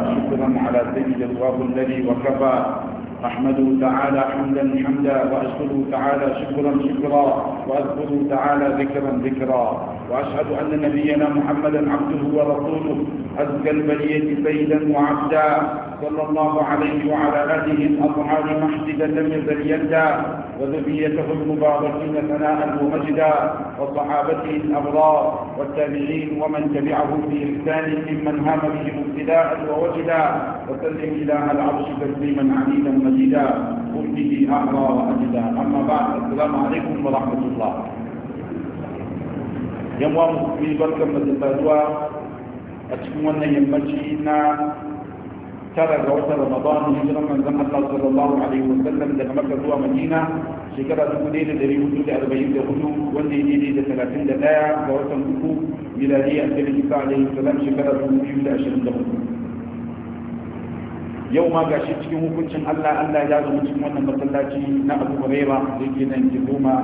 شكرا على سيد الله الذي وكفى أحمده تعالى حمدا حمدا وأشكره تعالى شكرا شكرا وأذكره تعالى ذكرا ذكرا وأشهد أن نبينا محمدا عبده ورسوله أزكى البرية سيدا وعبدا صلى الله عليه وعلى آله الأطهار محددا لم يزل يدا وذريته المباركين ثناء ومجدا وصحابته الأبرار والتابعين ومن تبعهم بإحسان ممن هام بهم ابتداء ووجدا وسلم إله العرش تسليما عديدا مجيدا كله أعلى وأجدى أما بعد السلام عليكم ورحمة الله يموى مسلمي بركة مدتاتوا أتكون يمجينا ترى جوات رمضان هجرة من زمن الله صلى الله عليه وسلم ده مكة زوا مدينة شكرا تكونين دري وجود أربعين ده وجود وندي دي دي ده ثلاثين ده لا جوات ميلادية النبي عليه السلام شكرا تكونين ده عشرين ده وجود yau ma gashi cikin hukuncin Allah Allah ya zama cikin wannan masallaci na Abu Hurairah da yake nan Kiruma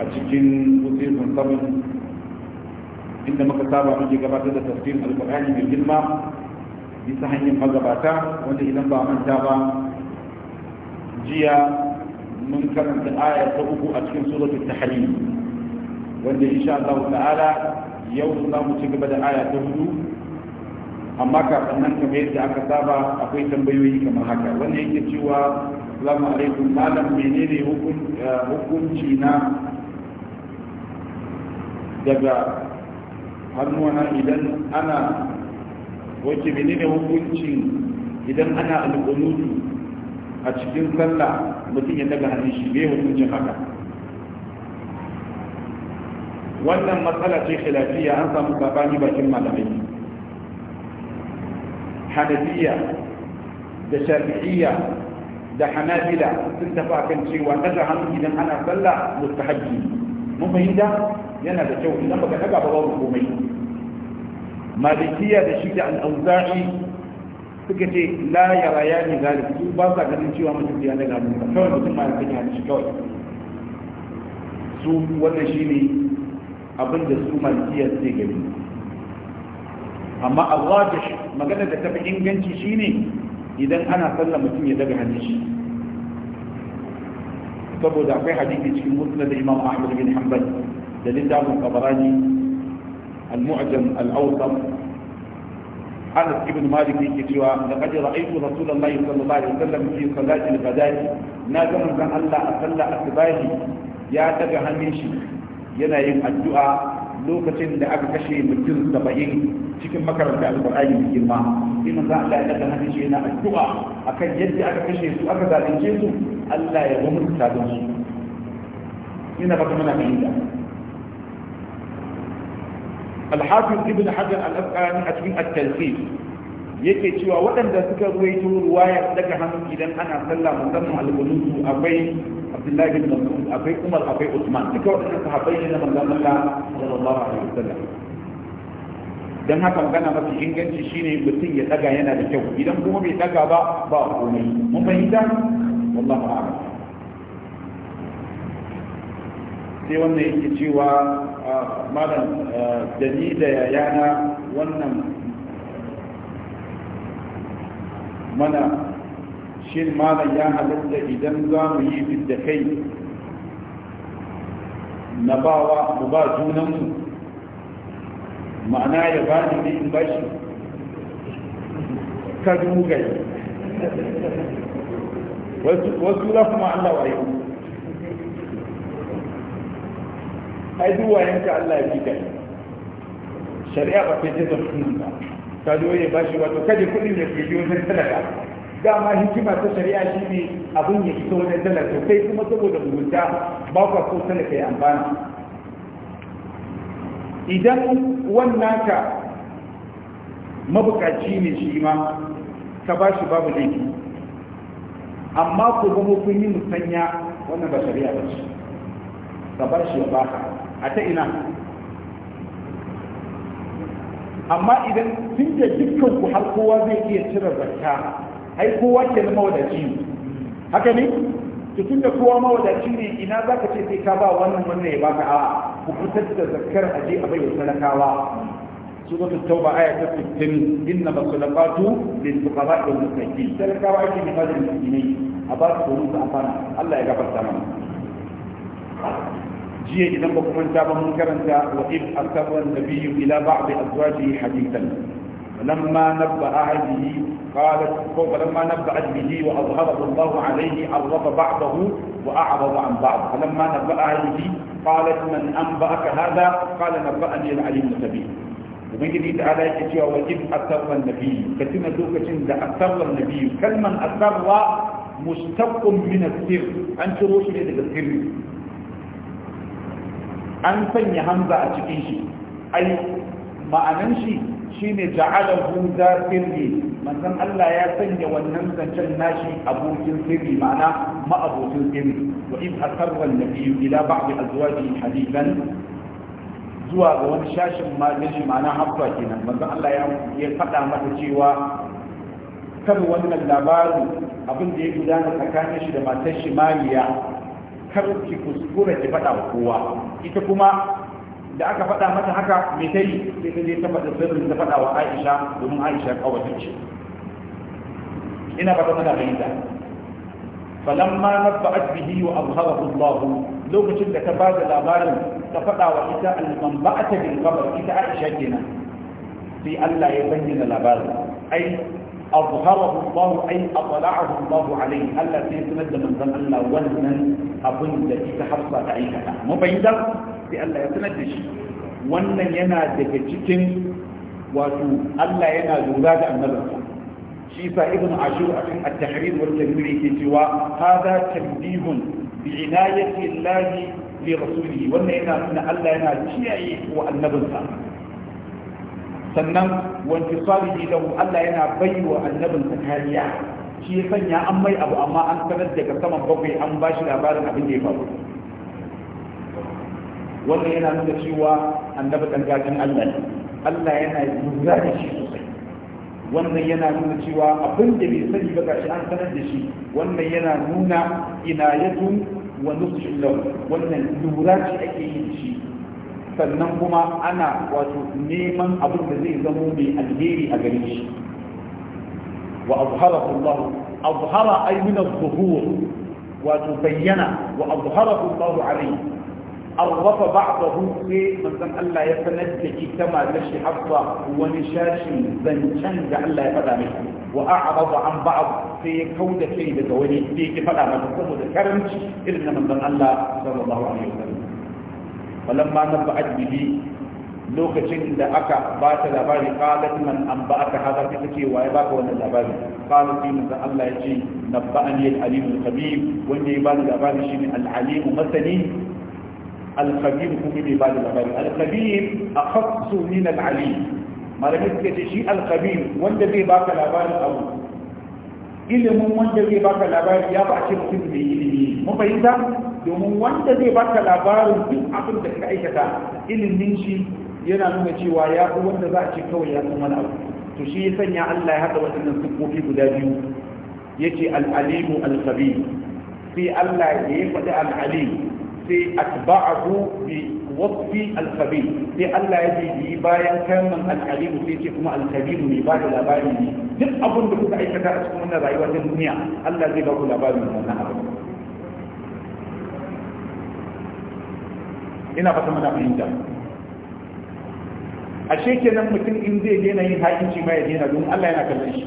a cikin Uzairun saman. inda muka saba muke gabatar da tafsirin Alƙur'ani mai girma bisa hanyar magabata wanda idan ba manta ba jiya mun karanta aya ta uku a cikin suratul Tahrim wanda insha Allah ta'ala yau za mu ci gaba da aya ta hudu amma kafin nan kamar yadda aka saba akwai tambayoyi kamar haka wanda yake cewa salamu alaikum malam menene eh, hukunci na daga hannuwana idan ana wace menene hukunci idan ana alƙunutu a cikin sallah mutum ya daga hannun shi bai hukuncin haka wannan matsala ce khilafiya an samu sabani bakin malamai Hanabiya da shafi'iyya da hanabila sun tafi akan cewa daga hannu idan ana sallah mustahabbi mun fahimta yana da kyau idan baka daga ba babu komai malikiya da shi da al-auza'i suka ce la yara ya ne zalik su ba sa ganin cewa mutum ya daga hannu kawai mutum ma ya sanya shi kawai su wannan shi ne abinda su malikiya suke gani amma a shi. magana da tafi inganci shine idan ana sallah mutum ya daga hannun shi saboda akwai hadisi cikin da imam ahmad bin hanbal da littafin qabarani al-mu'jam al-awsat Anas ibn Malik yake cewa da kaji ra'aytu Rasulullahi sallallahu alaihi wasallam fi salati al-ghadati na ga manzon Allah a sallah asbahi ya daga hannun shi yana yin addu'a lokacin da aka kashe mutum saba'in cikin makaranta alƙur'ani mai girma sai manzo Allah ya daga hannun shi yana addu'a akan yadda aka kashe su aka zalunce su Allah ya bamu tsabin su ina ba kuma na fahimta الحافظ ابن حجر الأسقلاني أتمنى التلخيص yake cewa waɗanda suka ruwaito ruwaya daga hannu idan ana sallah musamman alƙunutu akwai abdullahi bin mas'ud akwai umar akwai usman duka waɗannan sahabbai ne na manzon Allah sallallahu alaihi wasallam dan haka magana mafi inganci shine mutum ya daga yana da kyau idan kuma bai daga ba ba komai mun fahimta wallahi a'lam sai wannan yake cewa malam da ni da wannan mana shin malam ya halatta idan za mu yi fiddakai na bawa mu ba junanmu ma'ana ya ba ni ne in ba shi ka dugaye wasu za kuma Allah waye ai duk wayenka Allah ya fi kai shari'a ba ta ce da sunan ba ka zo ya ba shi wato kaje kudin da ke biyo zai talaka dama hikima ta shari'a shi ne abin ya fito wajen dalar sosai kuma saboda mugunta ba kwa so talaka kai amfana idan wannan ka mabukaci ne shi ma ka ba shi babu laifi amma ko gamo kun yi musanya wannan ba shari'a ba shi, ka ba shi ba ka a ta ina amma idan tun da dukkan ku har kowa zai iya cire zakka ai kowa ke zama wadaci haka ne tutun da kowa mawadaci ne ina za ka ce sai ka wannan wannan ya baka a ku fitar da zakkar a je a bai wa talakawa suka tattau ba aya ta fitin inna ba su labatu da su ka ba da mutaki talakawa ake nema da mutaki ne a ba su tsoron su a fana allah ya gabata mana jiya idan ba ta ba mun karanta wa ib asabar nabiyyu ila ba'd azwajihi hadithan فلما نبأ عدله قالت فلما نبأ عدله وأظهره الله عليه عرف بعضه وأعرض عن بعض فلما نبأ عدله قالت من أنبأك هذا قال نبأني العليم النبي ومن جديد على كتير وجب أثر النبي كتنا دوكة جند أثر النبي كلما أثر مستق من السر أنت روش من السر أنت يهمز أتكيشي أي ما shi shine ja'alahu za sirri manzon Allah ya sanya wannan zancen nashi abokin sirri ma'ana ma'abokin sirri wa in asarra an-nabiy ila ba'd azwajihi hadithan zuwa ga wani shashin magin shi ma'ana hafsa kenan manzon Allah ya faɗa mata cewa kan wannan labarin abin da ya gudana tsakanin shi da matar shi Mariya kar ki kuskura ki faɗa kowa ita kuma da aka faɗa mata haka mai ta yi sai ta je ta faɗa sirrin ta faɗa wa Aisha domin Aisha kawai ce ina ba ta mana bayyana falamma nabba'at bihi wa azharahu Allah lokacin da ta bada labarin ta faɗa wa ita alman ba'ata bil qabr ita Aisha kenan sai Allah ya bayyana labarin ai ai أظهره الله أي أطلعه الله عليه ألا allah wannan abin da ita أبن ta تحصل عليها bayyana sai Allah ya sanar da shi wannan yana daga cikin wato Allah yana lura da annabinsa shi sa ibn ashur a cikin at-tahrir wal tanwir yake cewa hada tanbihun bi inayati Allah li rasulihi wannan yana nuna Allah yana kiyaye wa annabinsa sannan wanti salihi lahu Allah yana baiwa annabinsa kariya shi ya sanya an mai abu amma an sanar daga saman bakwai an bashi labarin abin da ya faru wannan yana nuna cewa annabi dan gajin Allah ne Allah yana lura da shi sosai wannan yana nuna cewa abin da bai sani ba gashi an sanar da shi wannan yana nuna ina ya wa nushin lahu wannan lura ce ake yin shi sannan kuma ana wato neman abin da zai zamo mai alheri a gare shi wa azharahu Allah azhara ay min az-zuhur wato bayyana wa azharahu Allah alayhi arrafa ba'dahu sai manzon Allah ya sanar da ita matar shi hafsa wani shashin zancen da Allah ya faɗa mishi wa a'rada an ba'd sai ya kauda kai daga wani sai ya faɗa masa saboda karanci irin na manzon Allah sallallahu alaihi wasallam falamma ba bihi lokacin da aka ba ta labari qalat man anba'aka hadha ta ce ba ka wannan labari qalu fi da Allah ya ce nabba'ani al-alim al-khabir wanda ya bani labari shine al-alim masani alkhabir kuma bai bada labari alkhabir a khassu min alalim malamai suka ce shi alkhabir wanda zai baka labarin abu ilimin wanda zai baka labarin ya ba a ce mutum mai ilimi mun fahimta domin wanda zai baka labarin duk abin da ka aikata ilimin shi yana nuna cewa ya fi wanda za a ce kawai ya san wani abu to shi ya sanya Allah ya haɗa waɗannan siffofi guda biyu yace al-alimu al-khabir sai Allah ya yi faɗi al-alim sai atba'ahu bi wasfi al-khabir sai Allah ya ji bayan kalman al-alim sai ce kuma al-khabir ne ba da labari ne duk abin da kuka aikata a cikin wannan rayuwa ta duniya Allah zai ba ku labarin wannan abin ina fata muna fahimta ashe kenan mutum in zai daina yin haƙinci ma ya daina don Allah yana kallon shi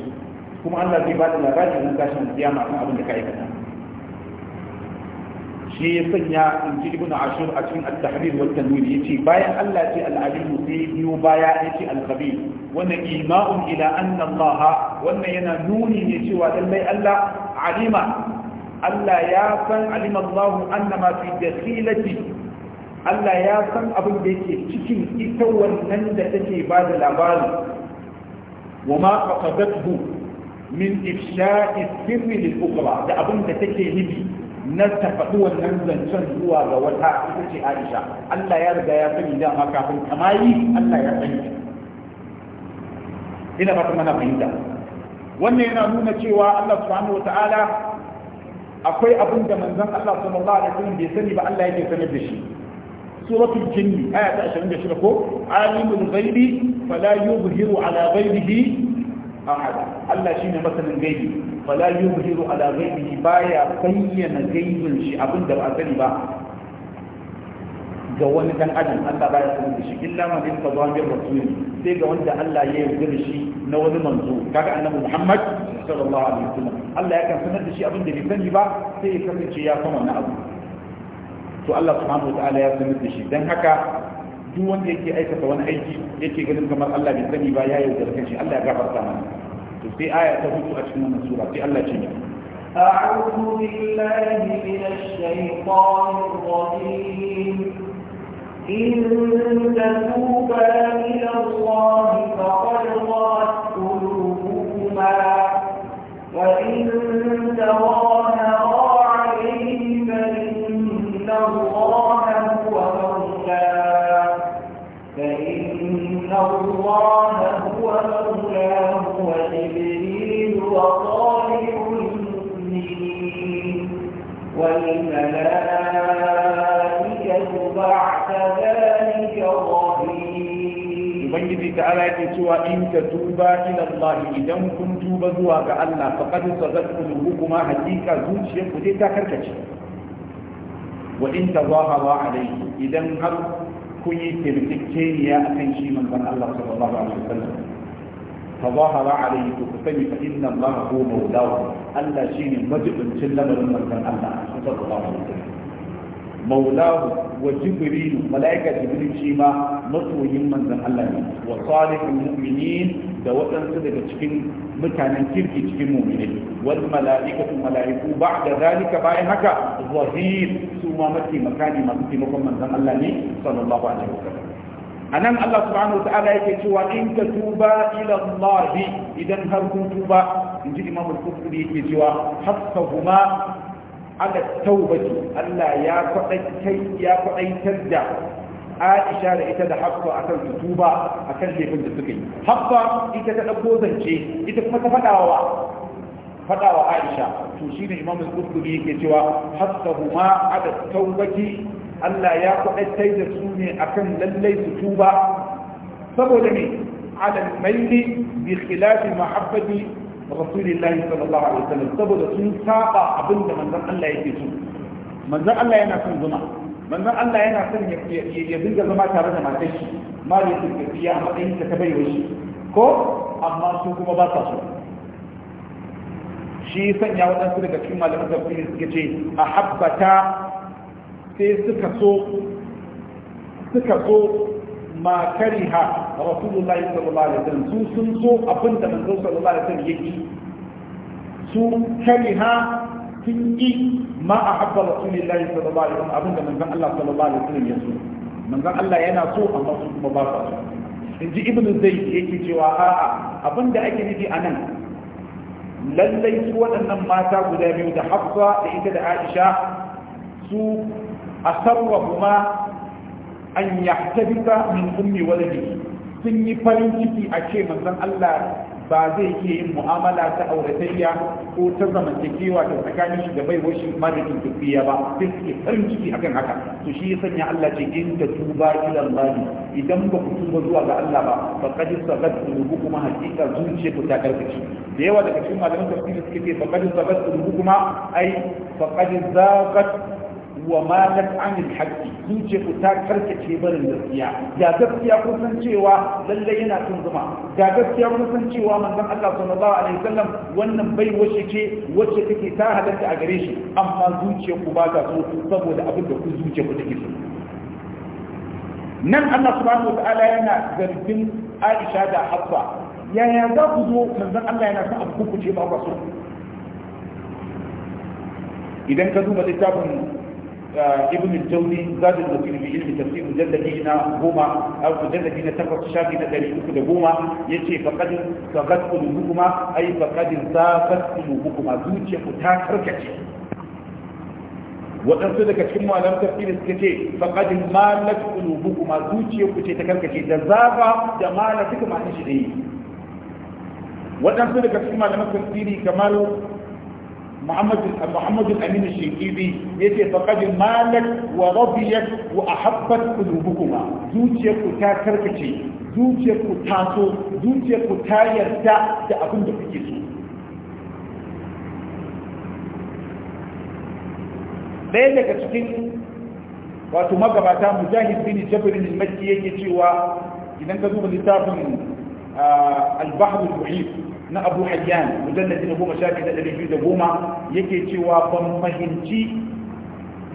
kuma Allah zai ba da labarin nan tashin kiyama kan abin da ka aikata shi ya sanya in ji ibn ashur a cikin at-tahrir wal tanwir yace bayan Allah ce al-alim sai biyo baya yace al-khabir wannan ima'un ila anna Allah wannan yana nuni ne cewa lallai Allah alima Allah ya san alima Allah annama fi dakhilati Allah ya san abin da yake cikin ita wannan da take ba da labari wa ma qatadathu min ifsha'i sirri lil-ukhra da abin da take nufi na tafaɗi wannan zancen zuwa ga wata ita ce aisha allah ya riga ya sani dama kafin kamayi allah ya sani ina fata mana fahimta wannan yana nuna cewa allah subhanahu wata'ala akwai abin da manzon allah sallallahu alaihi wasallam bai sani ba allah yake sanar da shi suratul jinni aya ta 26 ko alimul ghaibi fala yuzhiru ala ghaibihi ahada Allah shine masanin gaibi fala yuzhiru ala ghaibihi baya bayyana gaibin shi abinda ba sani ba ga wani dan adam Allah baya sanin da shi illa ma bin fadamir rasul sai ga wanda Allah ya yarda shi na wani manzo kaga annabi Muhammad sallallahu alaihi wasallam Allah yakan sanar da shi abinda bai sani ba sai ya kasance ya san wani abu to Allah subhanahu wa ta'ala ya sanar da shi dan haka duk wanda yake aikata wani aiki yake ganin kamar Allah bai sani ba ya yaudar kanshi Allah ya gafarta mana to sai aya ta hutu a cikin wannan sura sai Allah ce أعوذ بالله من الشيطان الرجيم إن تتوبا إلى الله فقد غرت قلوبكما وإن تظاهرا عليه فإن الله الله هو مولاه وجبريل وصالح المؤمنين والملائكة بعد ذلك ظهير ubangiji ta'ala yake cewa in ka tuba ila Allah idan kun tuba zuwa ga Allah faqad sadaqtu kuma hakika zuciyarku dai ta karkace wa in tazahara alayhi idan har kun yi tirkikeniya a kan shi manzon Allah sallallahu alaihi wasallam fa zahara alaihi to ku sani fa inna Allah huwa maulahu Allah shine majibincin lamarin manzon Allah sallallahu alaihi wasallam maulahu wa jibrilu malaika jibril shi ma masoyin manzon Allah ne wa salihul mu'minin da waɗansu daga cikin mutanen kirki cikin mu'minai wal mala'iku zalika bayan haka zahir su ma makani masu taimakon manzon Allah ne sallallahu alaihi wasallam anan Allah subhanahu wa yake cewa in ka tuba ila Allah idan har kun tuba inji Imam al-Qurtubi yake cewa hasahuma ala tawbati Allah ya kwadaitai ya kwadaitar da Aisha da ita da Hafsa akan su tuba akan laifin da suka yi Hafsa ita ta dauko zance ita kuma ta faɗawa. fada wa Aisha to shine Imam al-Qurtubi yake cewa hasahuma ala tawbati Allah ya kwadaitai da su ne akan lallai su tuba saboda ne ala maili bi khilafi mahabbati rasulillahi sallallahu alaihi wasallam saboda sun saba abinda manzon Allah yake so manzon Allah yana son zuma manzon Allah yana son ya dinga zama tare da matar shi ma da yake tafiya matsayin ta ta baiwa shi ko amma su kuma ba sa so shi sanya waɗansu daga cikin malamin tafsiri suka ce a habbata sai suka so suka so ma kariha rasulullah sallallahu alaihi wasallam su sun so abin da manzo sallallahu alaihi wasallam yake su kariha sun yi ma a habba rasulullah sallallahu alaihi wasallam abin da manzon Allah sallallahu alaihi wasallam ya so manzon Allah yana so amma su kuma ba sa so in ji ibnu zayd yake cewa a'a abin da ake nufi anan lallai su waɗannan mata guda biyu da hafsa da ita da aisha su a kuma an yahtabita min ummi waladihi sun yi farin ciki a ce manzon Allah ba zai iya yin mu'amala ta auratayya ko ta zamantakewa ta tsakanin shi da baiwar shi ma da tuntubiya ba sai suke farin ciki akan haka to shi ya sanya Allah ce in ta tuba ila Allah idan ba ku tuba zuwa ga Allah ba fa qad sabat qulubukuma haqiqa zuciya ku ta karkace da yawa daga cikin malaman tafsiri suke ce fa qad sabat kuma ai fa qad zaqat wa malat anil haqqi sun ce ku ta karkace barin gaskiya ga gaskiya kun san cewa lallai yana tun zuma ga gaskiya kun san cewa manzon Allah sallallahu alaihi wasallam wannan bai wace ce wacce take ta halatta a gare shi amma zuciya ku ba ta so saboda abin da ku zuciya ku take so nan Allah subhanahu wataala yana zargin Aisha da Hafsa yaya za ku zo manzon Allah yana son abu ku ce ba ku so idan ka zuba littafin ibn al-jawzi zadul mutum bi ilmi tafsir mujalladi na goma aw mujalladi na takwas shafi na ɗari uku da goma yace faqad faqad qulubukuma ay faqad zafat qulubukuma zuciya ku ta karkace waɗansu daga cikin malam tafsiri suka ce faqad malat qulubukuma zuciya ku ce ta karkace da zafa da shi waɗansu daga cikin kamar muhammadu aminu shekiri ya ce faƙadin malar wa rabiyar wa a haɓar kulubukuma ku ta karkace ku ta so ku ta yarda da abin da kuke so ɗaya daga cikin wato magabata mujahid bin jabirin makki yake cewa idan ka zuba littafin ah, albahar muhim na abu hayyan mujalladi na goma shafi da ɗari biyu da goma yake cewa ban fahimci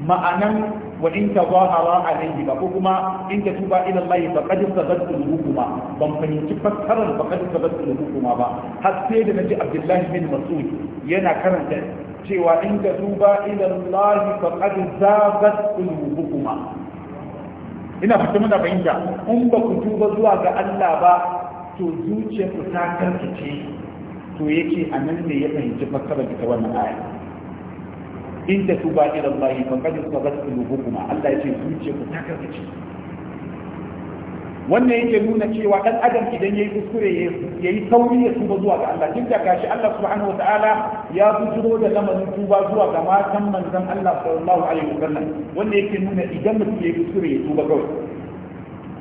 ma'anan wa in ta zahara alaihi ba ko kuma in ta tuba ila Allah fa qad sabat qulubuma ban fahimci fassarar fa qad sabat qulubuma ba har sai da naji Abdullahi bin Mas'ud yana karanta cewa in ta tuba ila Allah fa qad sabat qulubuma ina fata muna fahimta in ba ku tuba zuwa ga Allah ba to zuciyarku ta karkace to yake a nan ne ya fahimci fassara ta wannan aya in da tuba ila Allah fa qad sabat kuma, Allah ya ce yake ce ku ta karkace wannan yake nuna cewa dan adam idan yayi kuskure yayi tauri ya tuba zuwa ga Allah duk da gashi Allah subhanahu wataala ya bujiro da lamarin tuba zuwa ga matan manzon Allah sallallahu alaihi wasallam wannan yake nuna idan mutum yayi kuskure ya tuba kawai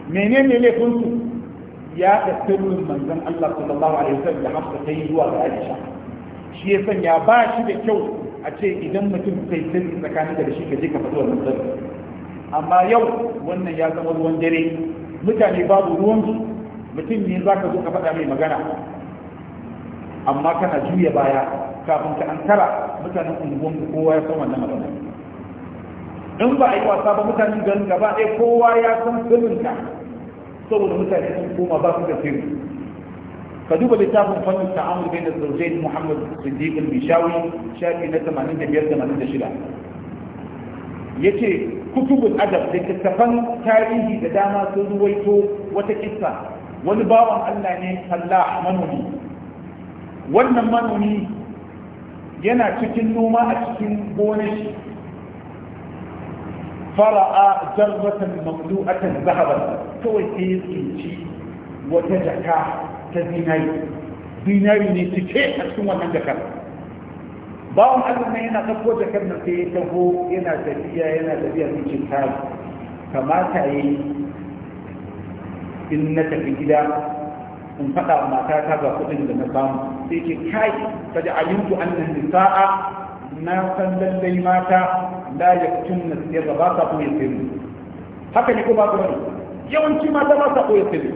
menene laifin su ya da sirrin manzon Allah sallallahu alaihi wasallam da Hafsa ta yi zuwa ga Aisha shi ya sanya ba shi da kyau a ce idan mutum kai sirri tsakanin da shi ka je ka fito da sirri amma yau wannan ya zama ruwan dare mutane babu ruwan su mutum ne za ka zo ka faɗa mai magana amma kana juya baya kafin ka ankara mutanen unguwan kowa ya san wannan magana in ba a yi wasa ba mutanen garin gaba ɗaya kowa ya san sirrinka saboda mutane sun koma ba su da sirri ka duba littafin fannin ta'amul bai da zaujain muhammad siddiq al-bishawi shafi na 85-86 ya ce kutubun adab da tattafan tarihi da dama sun ruwaito wata kissa wani bawan allah ne allah manomi wannan manomi yana cikin noma a cikin gonar fara'a jarratan mamlu'atan zahaban kawai sai tsinci wata jaka ta zinari zinari ne cike a cikin wannan jakar bawan allah ne yana ɗauko jakar nan sai ya taho yana tafiya yana tafiya cikin kayan kamata ya yi in na tafi gida in faɗa matata ga kuɗin da na samu sai ke kai kada ayyuku annan nisa'a na san lallai mata la yaktun na sirra ba sa koyi sirri haka ne ko ba ku yawanci mata ba sa koyi sirri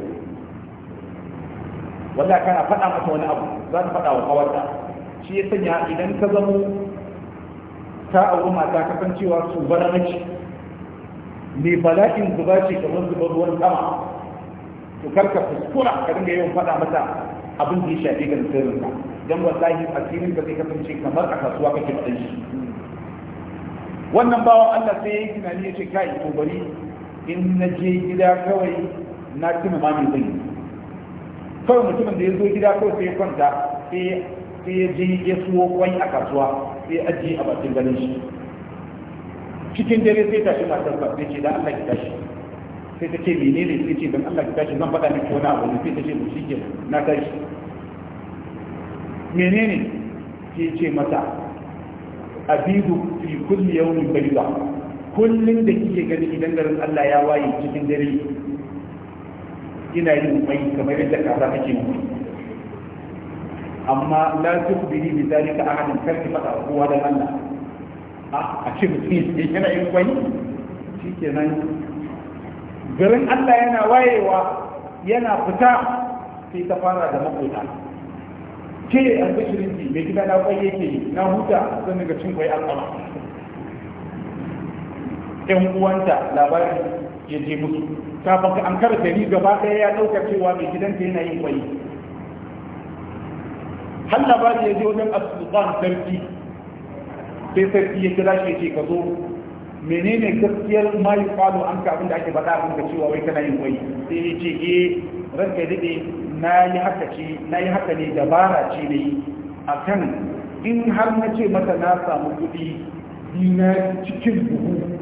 wanda kana faɗa mata wani abu za ta faɗa wa kawarta shi ya sanya idan ka zamo ta auri mata kasancewa su bara mace mai bala'in zuba ce kamar zuba ruwan sama to karka fuskura ka dinga yawan faɗa mata abin da ya shafi ga sirrinka dan wallahi asirin ka zai kasance kamar a kasuwa kake da shi wannan bawan Allah sai yayi tunani ya ce kai to bari in na je gida kawai na tuna ma me kawai mutumin da ya zo gida kawai sai ya kwanta sai ya je ya suwo kwai a kasuwa sai ya ajiye a bakin ganin shi cikin dare sai tashi matar ba sai ce dan Allah ki tashi sai ta ce menene sai ce dan Allah ki tashi zan faɗa miki wani abu sai ta ce to shikenan na tashi menene ke ce mata abidu fi kulli yawmin bayda kullun da kike gani idan garin Allah ya waye cikin dare ina yin mai kamar yadda kaza kake yi amma la tukbiri bi zalika ahadin karki fada kowa da Allah a ce mutum yana yin kwai shikenan garin Allah yana wayewa yana fita sai ta fara da makota ke an bishirin ki mai gida na kwaye yake na huta zan daga cin kwai an kama yan uwanta labarin ya je musu kafin ka an kara gari gaba ɗaya ya ɗauka cewa mai gidanta yana yin kwai har labari ya je wajen asuban sarki sai sarki ya kira shi ce ka zo menene gaskiyar ma yi falo an ka abin da ake faɗa abin da cewa wai kana yin kwai sai ya ce eh ranka ya daɗe na yi haka ce haka ne dabara ce ne a kan in har na ce mata na samu kuɗi dina cikin buhu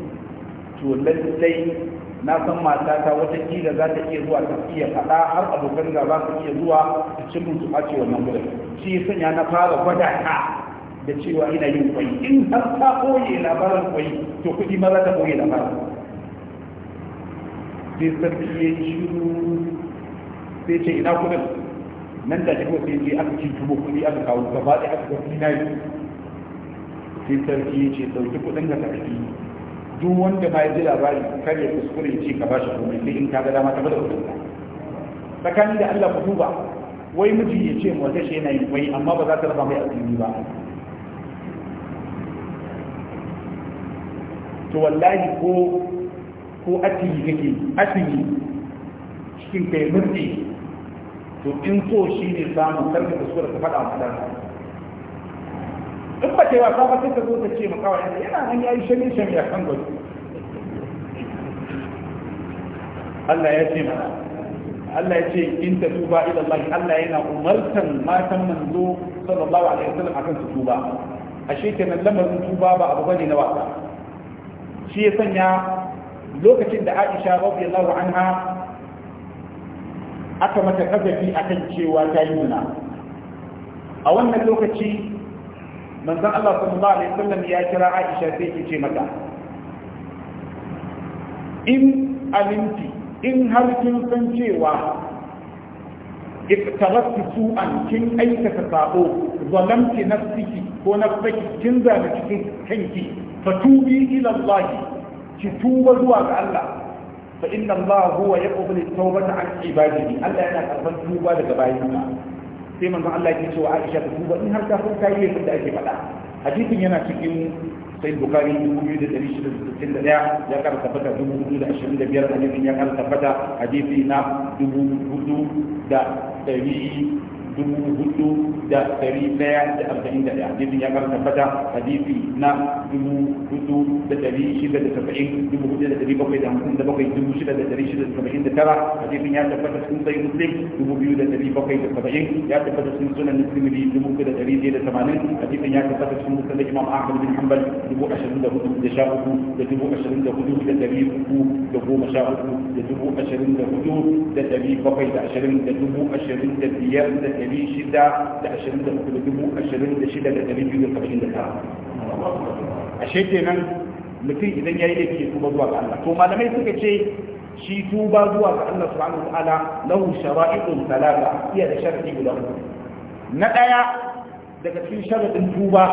to lallai na san matata watakila za ta iya zuwa ta iya faɗa har abokan gaba su iya zuwa ta cin mutu ɓace wannan gudun shi ya sanya na fara gwada ta da cewa ina yin kwai in har ta koye labarin kwai to kuɗi ma za ta koye labarin sai ya yi shiru sai ce ina kudin nan da kuma sai ce aka cin tubo kudi aka kawo gaba da aka gafi na yi sai sarki ya ce dauki kudin ga sarki duk wanda ma ya ji labari kar ya kuskure ce ka bashi komai sai in ka ga dama ta bada kudin ka tsakani da Allah ku duba wai miji ya ce mu wata shi yana yin wai amma ba za ta raba mai asiri ba to wallahi ko ko asiri kake asiri cikin kai mutsi to in so shi ne samun karka da ta ka faɗa mata in ba cewa ba fasir ta zo ta ce maka wani yana nan ya yi shari shari a kan gwaji Allah ya ce Allah ya ce in ta tuba ila Allah Allah yana umartan matan manzo sallallahu alaihi wasallam akan su tuba ashe kenan lamarin tuba ba abu bane na wasa shi ya sanya lokacin da Aisha radiyallahu anha aka mata kazafi akan cewa ta yi zina a wannan lokaci manzon Allah sallallahu alaihi wasallam ya kira Aisha sai ki ce mata in alimti in har kin san cewa iktarasti su'an kin aikata sabo zalamti nafsiki ko nafsaki kin zalunci kanki fatubi ila Allah ki tuba zuwa ga Allah fa inna Allah huwa yaqbalu tawbata an ibadihi Allah yana karban tuba daga bayinsa sai manzon Allah yake cewa Aisha ta tuba in har ta kun kai laifin da ake faɗa hadisin yana cikin sai bukari 2661 ya kara tabbata 2025 hadisin ya kara tabbata hadisi na 4000 da dubu hudu da dari daya da arba'in da daya hadisin ya kara tabbata hadisi na dubu hudu da dari shida da saba'in dubu hudu da dari bakwai da hamsin da bakwai dubu shida da dari shida da saba'in da tara hadisin ya tabbata sun sai muslim dubu biyu da dari bakwai da saba'in ya tabbata sun sunan muslimi dubu hudu da dari biyar da tamanin hadisin ya tabbata sun musulun imam ahmad bin hanbal dubu ashirin da hudu da sha uku da dubu ashirin da hudu da dari uku da goma sha uku da dubu ashirin da hudu da dari bakwai da ashirin da dubu ashirin da biyar da ɗari shida da ashirin dubu ashirin da shida da biyu da ashe kenan mutum idan ya yi laifi tuba zuwa ga Allah to malamai suka ce shi tuba zuwa ga Allah subhanahu wa ta'ala lahu shara'i'un talata iya da sharadi guda na ɗaya daga cikin sharadin tuba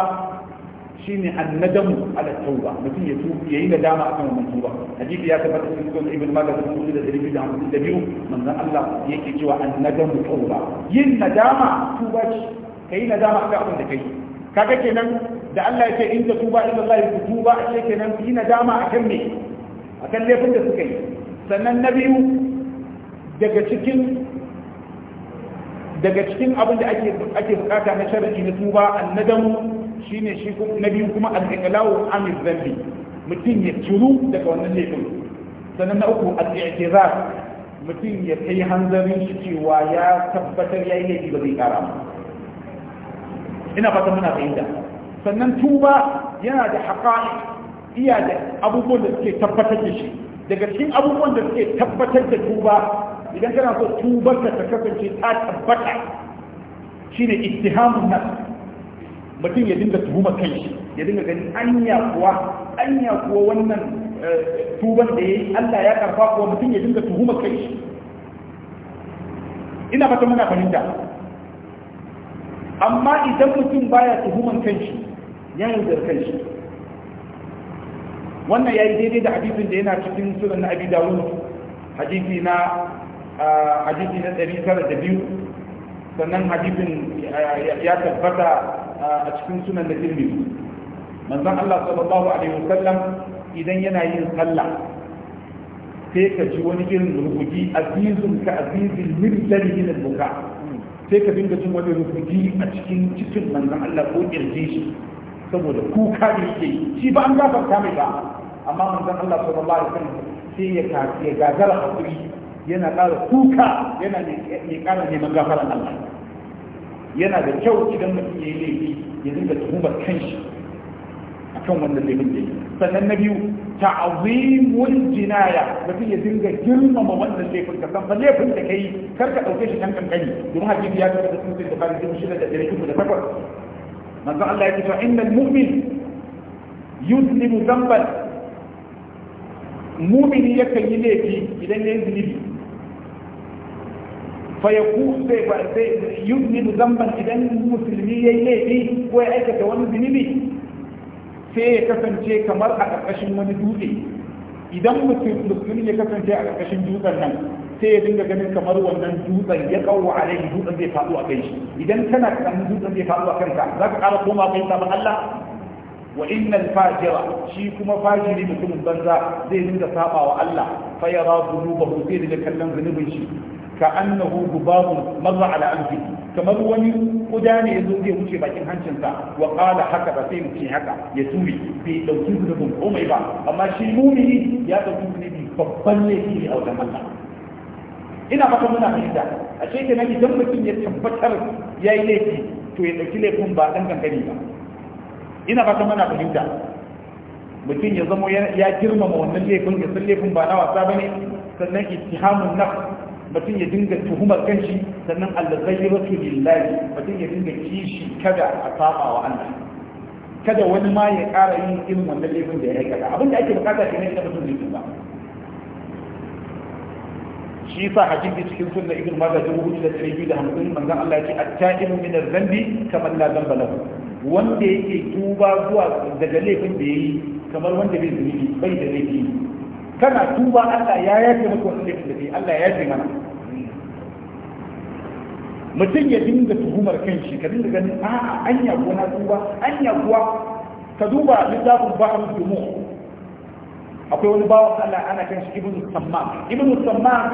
Shi shine annadamu ala tauba mutum ya tuba yayi nadama akan wannan tuba hadisi ya tabbata cikin sunan ibn majah da sunan da dalilin da hadisi da biyu manzon Allah yake cewa annadamu tauba yin nadama tuba ce kai nadama akan abin da kai kaga kenan da Allah yake in ta tuba ila Allah ku tuba ashe kenan yi nadama akan me akan laifin da suka yi sannan na biyu daga cikin daga cikin abin da ake bukata na sharadi na tuba annadamu shine shi na biyu kuma al-iqlaw an zambi mutum ya ciru daga wannan laifin sannan na uku al-i'tizar mutum ya kai hanzarin shi cewa ya tabbatar yayi laifi ba zai kara ba ina fata muna fahimta sannan tuba yana da haƙa'i iya da abubuwan da suke tabbatar da shi daga cikin abubuwan da suke tabbatar da tuba idan kana so tubar ta kasance ta tabbata shine ittihamun nafs mutum ya dinga tuhuma kai ya dinga gani anya kuwa anya kuwa wannan eh, tuban da yayi Allah ya karfa kuwa mutum ya dinga tuhuma kai ina fata muna fahimta amma idan mutum baya tuhuman shi, ya kan shi. wannan yayi daidai da hadisin da yana cikin sunan Abi Dawud hadisi na ah, hadisi na 902 sannan hadisin eh, ya tabbata a cikin sunan da tirmidhi manzon Allah sallallahu alaihi wasallam idan yana yin sallah sai ka ji wani irin rubuji azizun ka azizil mirjali min al-buka sai ka dinga jin wani rubuji a cikin cikin manzon Allah ko kirje shi saboda kuka da yake shi ba an gafarta mai ba amma manzon Allah sallallahu alaihi wasallam sai ya ka ya gagara hakuri yana ƙara kuka yana ne ƙara neman gafaran Allah yana da kyau idan mutum ya yi laifi ya dinga tuhumar kanshi a kan wanda laifin da yi sannan na biyu ta ta'azimul jinaya mutum ya dinga girmama wannan laifin ka san laifin da kai kar ka ɗauke shi kan kankani domin hadisi ya tabbata sun sai da bari dubu shida da dari da takwas manzo Allah ya ce fa innal mu'min yuzlimu dhanban mu'mini yakan yi laifi idan ya yi zunubi sai يذنب ذنبا idan musulmi ya yi laifi ko ya aikata wani zunubi sai ya kasance kamar a ƙarƙashin wani dutse idan musulmi ya kasance a ƙarƙashin dutsen nan sai ya dinga ganin kamar wannan dutsen ya kawo a rai dutsen zai faɗo a kai shi idan kana kan dutsen zai faɗo a kanka za ka ƙara koma kai sabon Allah wa innal fajira shi kuma fajiri mutumin banza zai dinga saba Allah fa yara dhunubahu sai da kallon zunubin shi ka annahu gubabun marra ala anfi kamar wani kuda ne ya zo zai wuce bakin hancinsa wa qala haka ba sai mutum haka ya turi bai dauki zunubin komai ba amma shi mumini ya dauki zunubi babban laifi ne a wajen Allah ina fata muna fahimta a ce kenan idan mutum ya tabbatar ya yi laifi to ya dauki laifin ba dan kankani ba ina fata muna fahimta mutum ya zamo ya girmama wannan laifin ya san laifin ba na wasa bane sannan ittihamun nafs mutum ya dinga tuhumar kanshi sannan al-ghayratu lillahi mutum ya dinga kishi kada a saba wa Allah kada wani ma ya ƙara yin irin wannan laifin da ya aikata abin da ake bukata ke ne da mutum zai ba. shi yasa hadisi cikin sunna ibn majah da rubutu da ɗari biyu da hamsin manzon Allah ya ce at-ta'ibu min adh-dhanbi kamar la dhanba lahu wanda yake tuba zuwa daga laifin da yayi kamar wanda bai zunubi bai da laifi kana tuba Allah ya yafe maka wani laifi Allah ya yafe mana mutum ya dinga tuhumar kanshi ka dinga ganin a'a anya kuwa na tuba anya kuwa ka duba littafin ba'ar jumu akwai wani bawan Allah ana kan shi ibnu samman ibnu samman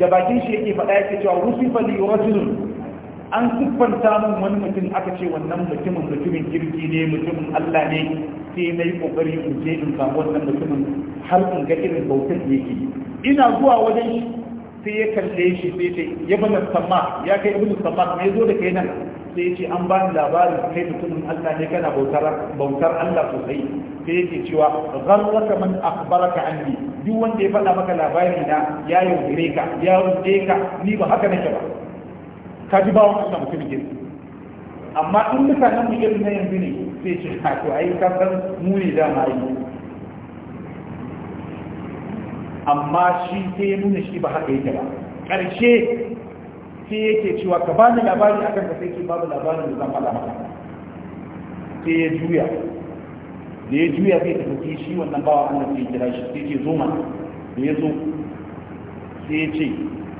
da bakin shi yake faɗa yake cewa rusifa li rajulun an siffanta mun wani mutum aka ce wannan mutumin mutumin kirki ne mutumin Allah ne sai na yi kokari in je in samu wannan mutumin har in ga irin bautar da yake ina zuwa wajen shi sai ya kalle shi sai ce ya bana samma ya kai ibnu samma me zo da kai nan sai ya ce an bani labarin kai mutumin Allah ne kana bautar bautar Allah sosai sai yake cewa gharraka man akhbaraka anni duk wanda ya faɗa maka labari na ya yaudare ka ya rude ka ni ba haka nake ba ka ji bawon Allah mutumin amma in nan mu irin na yanzu ne sai ce ha to ai ka san mu ne da ma yi amma shi sai ya nuna shi ba haka yake ba karshe sai yake cewa ka bani labari akan ka sai ke babu labarin da zan faɗa maka sai ya juya da ya juya zai tafi shi wannan bawa Allah sai kira shi sai ce zo mana da ya zo sai ya ce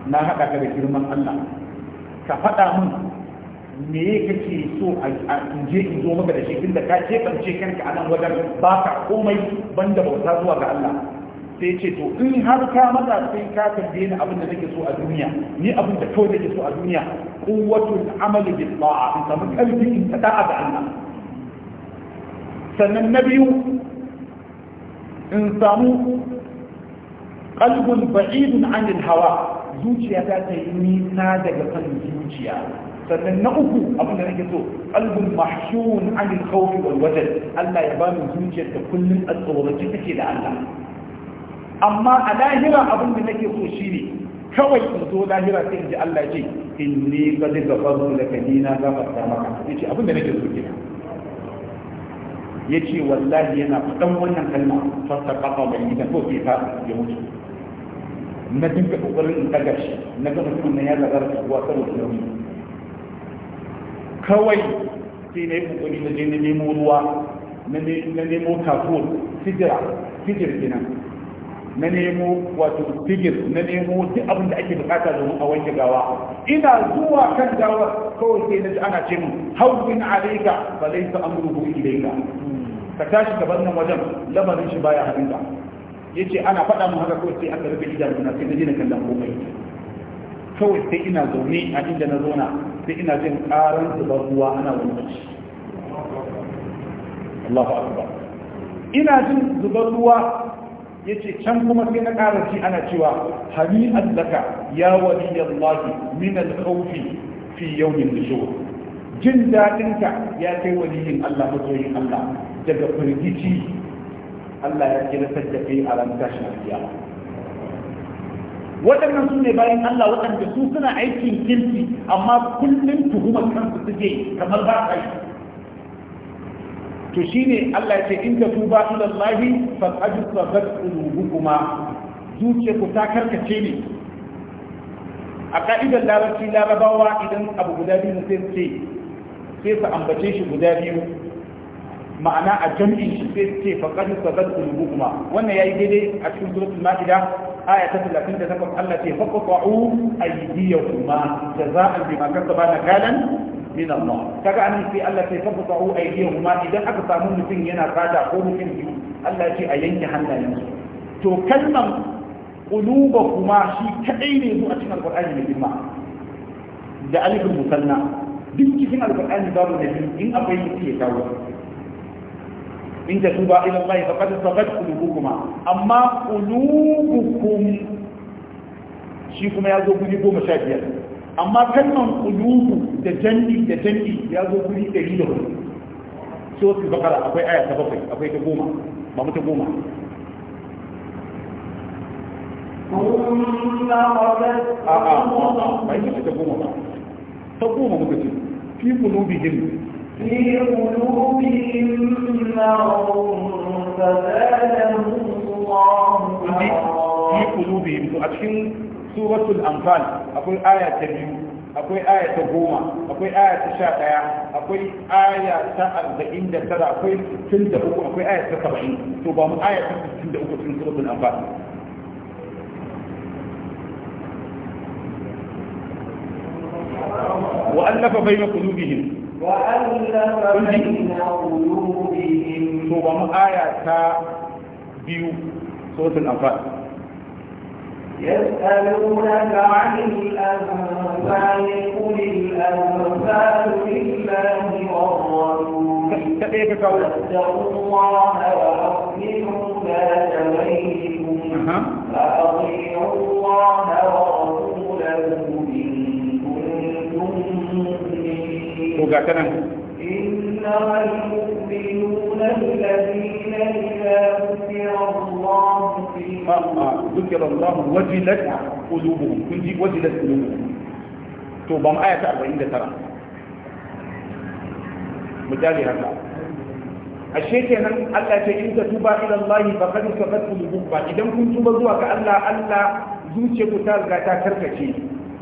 na haɗa ka da girman Allah ka faɗa min me kake so a je in zo maka da shi tunda ka keɓance kanka a nan wajen ba ka komai ban da bauta zuwa ga Allah sai ce to in har ka matsa sai ka tambaye ni abin da nake so a duniya ni abin da kawai nake so a duniya quwwatul amali bil ta'a in samu kalbi in ta da'a ga Allah sannan na biyu in samu qalbun ba'idun 'anil hawa zuciya ta ta yi nisa daga kan zuciya sannan na uku abin da nake so albun mahshun an al-khawf wal Allah ya bani zuciyar da kullum a tsorace take da Allah amma a lahira abin da nake so shi ne, kawai in zo lahira sai in ji Allah ce in ka da qad ghafartu laka dina ghafarta maka ce abin da nake so kina, ya ce wallahi yana fadan wannan kalma fasaqafa bai ni da ko ke fa ya mutu na dinka kokarin in daga shi na ga mutum nan ya zagara kuwa saboda nauyi kawai sai na yi kokari na je na nemo ruwa na nemo kafur sigira sigir kenan na nemo wato sigir na nemo duk abin da ake bukata domin a wanke gawa ina zuwa kan gawar kawai sai na ji ana ce min hauzin alaika fa laysa amruhu ilayka ka tashi gaban nan wajen lamarin shi baya hannunka ya ce ana faɗa mu haka kawai sai aka rufe idanu na sai na jina kallon komai kawai sai ina zaune a inda na zauna sai ina jin ƙaran zubar ruwa ana wani Allahu akbar ina jin zubar ruwa ya ce can kuma sai na ƙara ji ana cewa hani allaka ya wani yallahi min alkhawfi fi yawmin nushur jin daɗinka ya kai waliyin Allah mazoyin Allah daga firgici Allah ya kiratar da kai a ran tashin kiyama waɗannan su ne bayan Allah waɗanda su suna aikin kirki amma kullum tuhumar kansu suke kamar ba a yi to ne Allah ya ce in ka tuba ila Allah fa qad sabat qulubukuma zuciya ku ta karkace ne a ka'idar larabci larabawa idan abu guda biyu sai ce sai su ambace shi guda biyu ma'ana a jam'in shi sai ce faqad sabat qulubukuma wannan yayi daidai a cikin suratul maida aya ta 38 Allah ce faqatu aydiyakuma jaza'an bima kasaba nakalan min Allah kaga an sai Allah ce faqatu aydiyakuma idan aka samu mutum yana fata ko mutum biyu Allah ce a yanke hannayensu to kalmar kuma shi kadai ne zuwa cikin alqur'ani mai girma da alifin musanna duk cikin alqur'ani babu da in akwai yake ya dawo in tatuba ila Allah faqad sabat qulubukuma amma qulubukum shi kuma ya zo guri goma sha biyar amma kannan qulubu da janni da janni ya zo guri ɗari da hudu suratul baqara akwai aya ta bakwai akwai ta goma ba mu goma a'a ba ita ta goma ba ta goma muka ce fi qulubihim في قلوبهم مرض فزادهم الله في قلوبهم سورة الأنفال أقول آية تبيو akwai aya ta goma akwai aya ta sha ɗaya akwai aya ta arba'in da tara akwai tun da uku akwai aya ta saba'in to ba tun da uku wa to ba mu aya ta biyu suratul anfal يسألونك عن الأنفال قل الأنفال لله والرسول فاتقوا الله وأصلحوا ذات بينكم فأطيعوا الله والرسول ga kanan إنما المؤمنون الذين إذا ذكر to ban aya ta 49 misali haka ashe kenan Allah ce in ka tuba ila Allah fa kad sabat qulubukum idan kun tuba zuwa ga Allah Allah zuciyarku ta riga ta karkace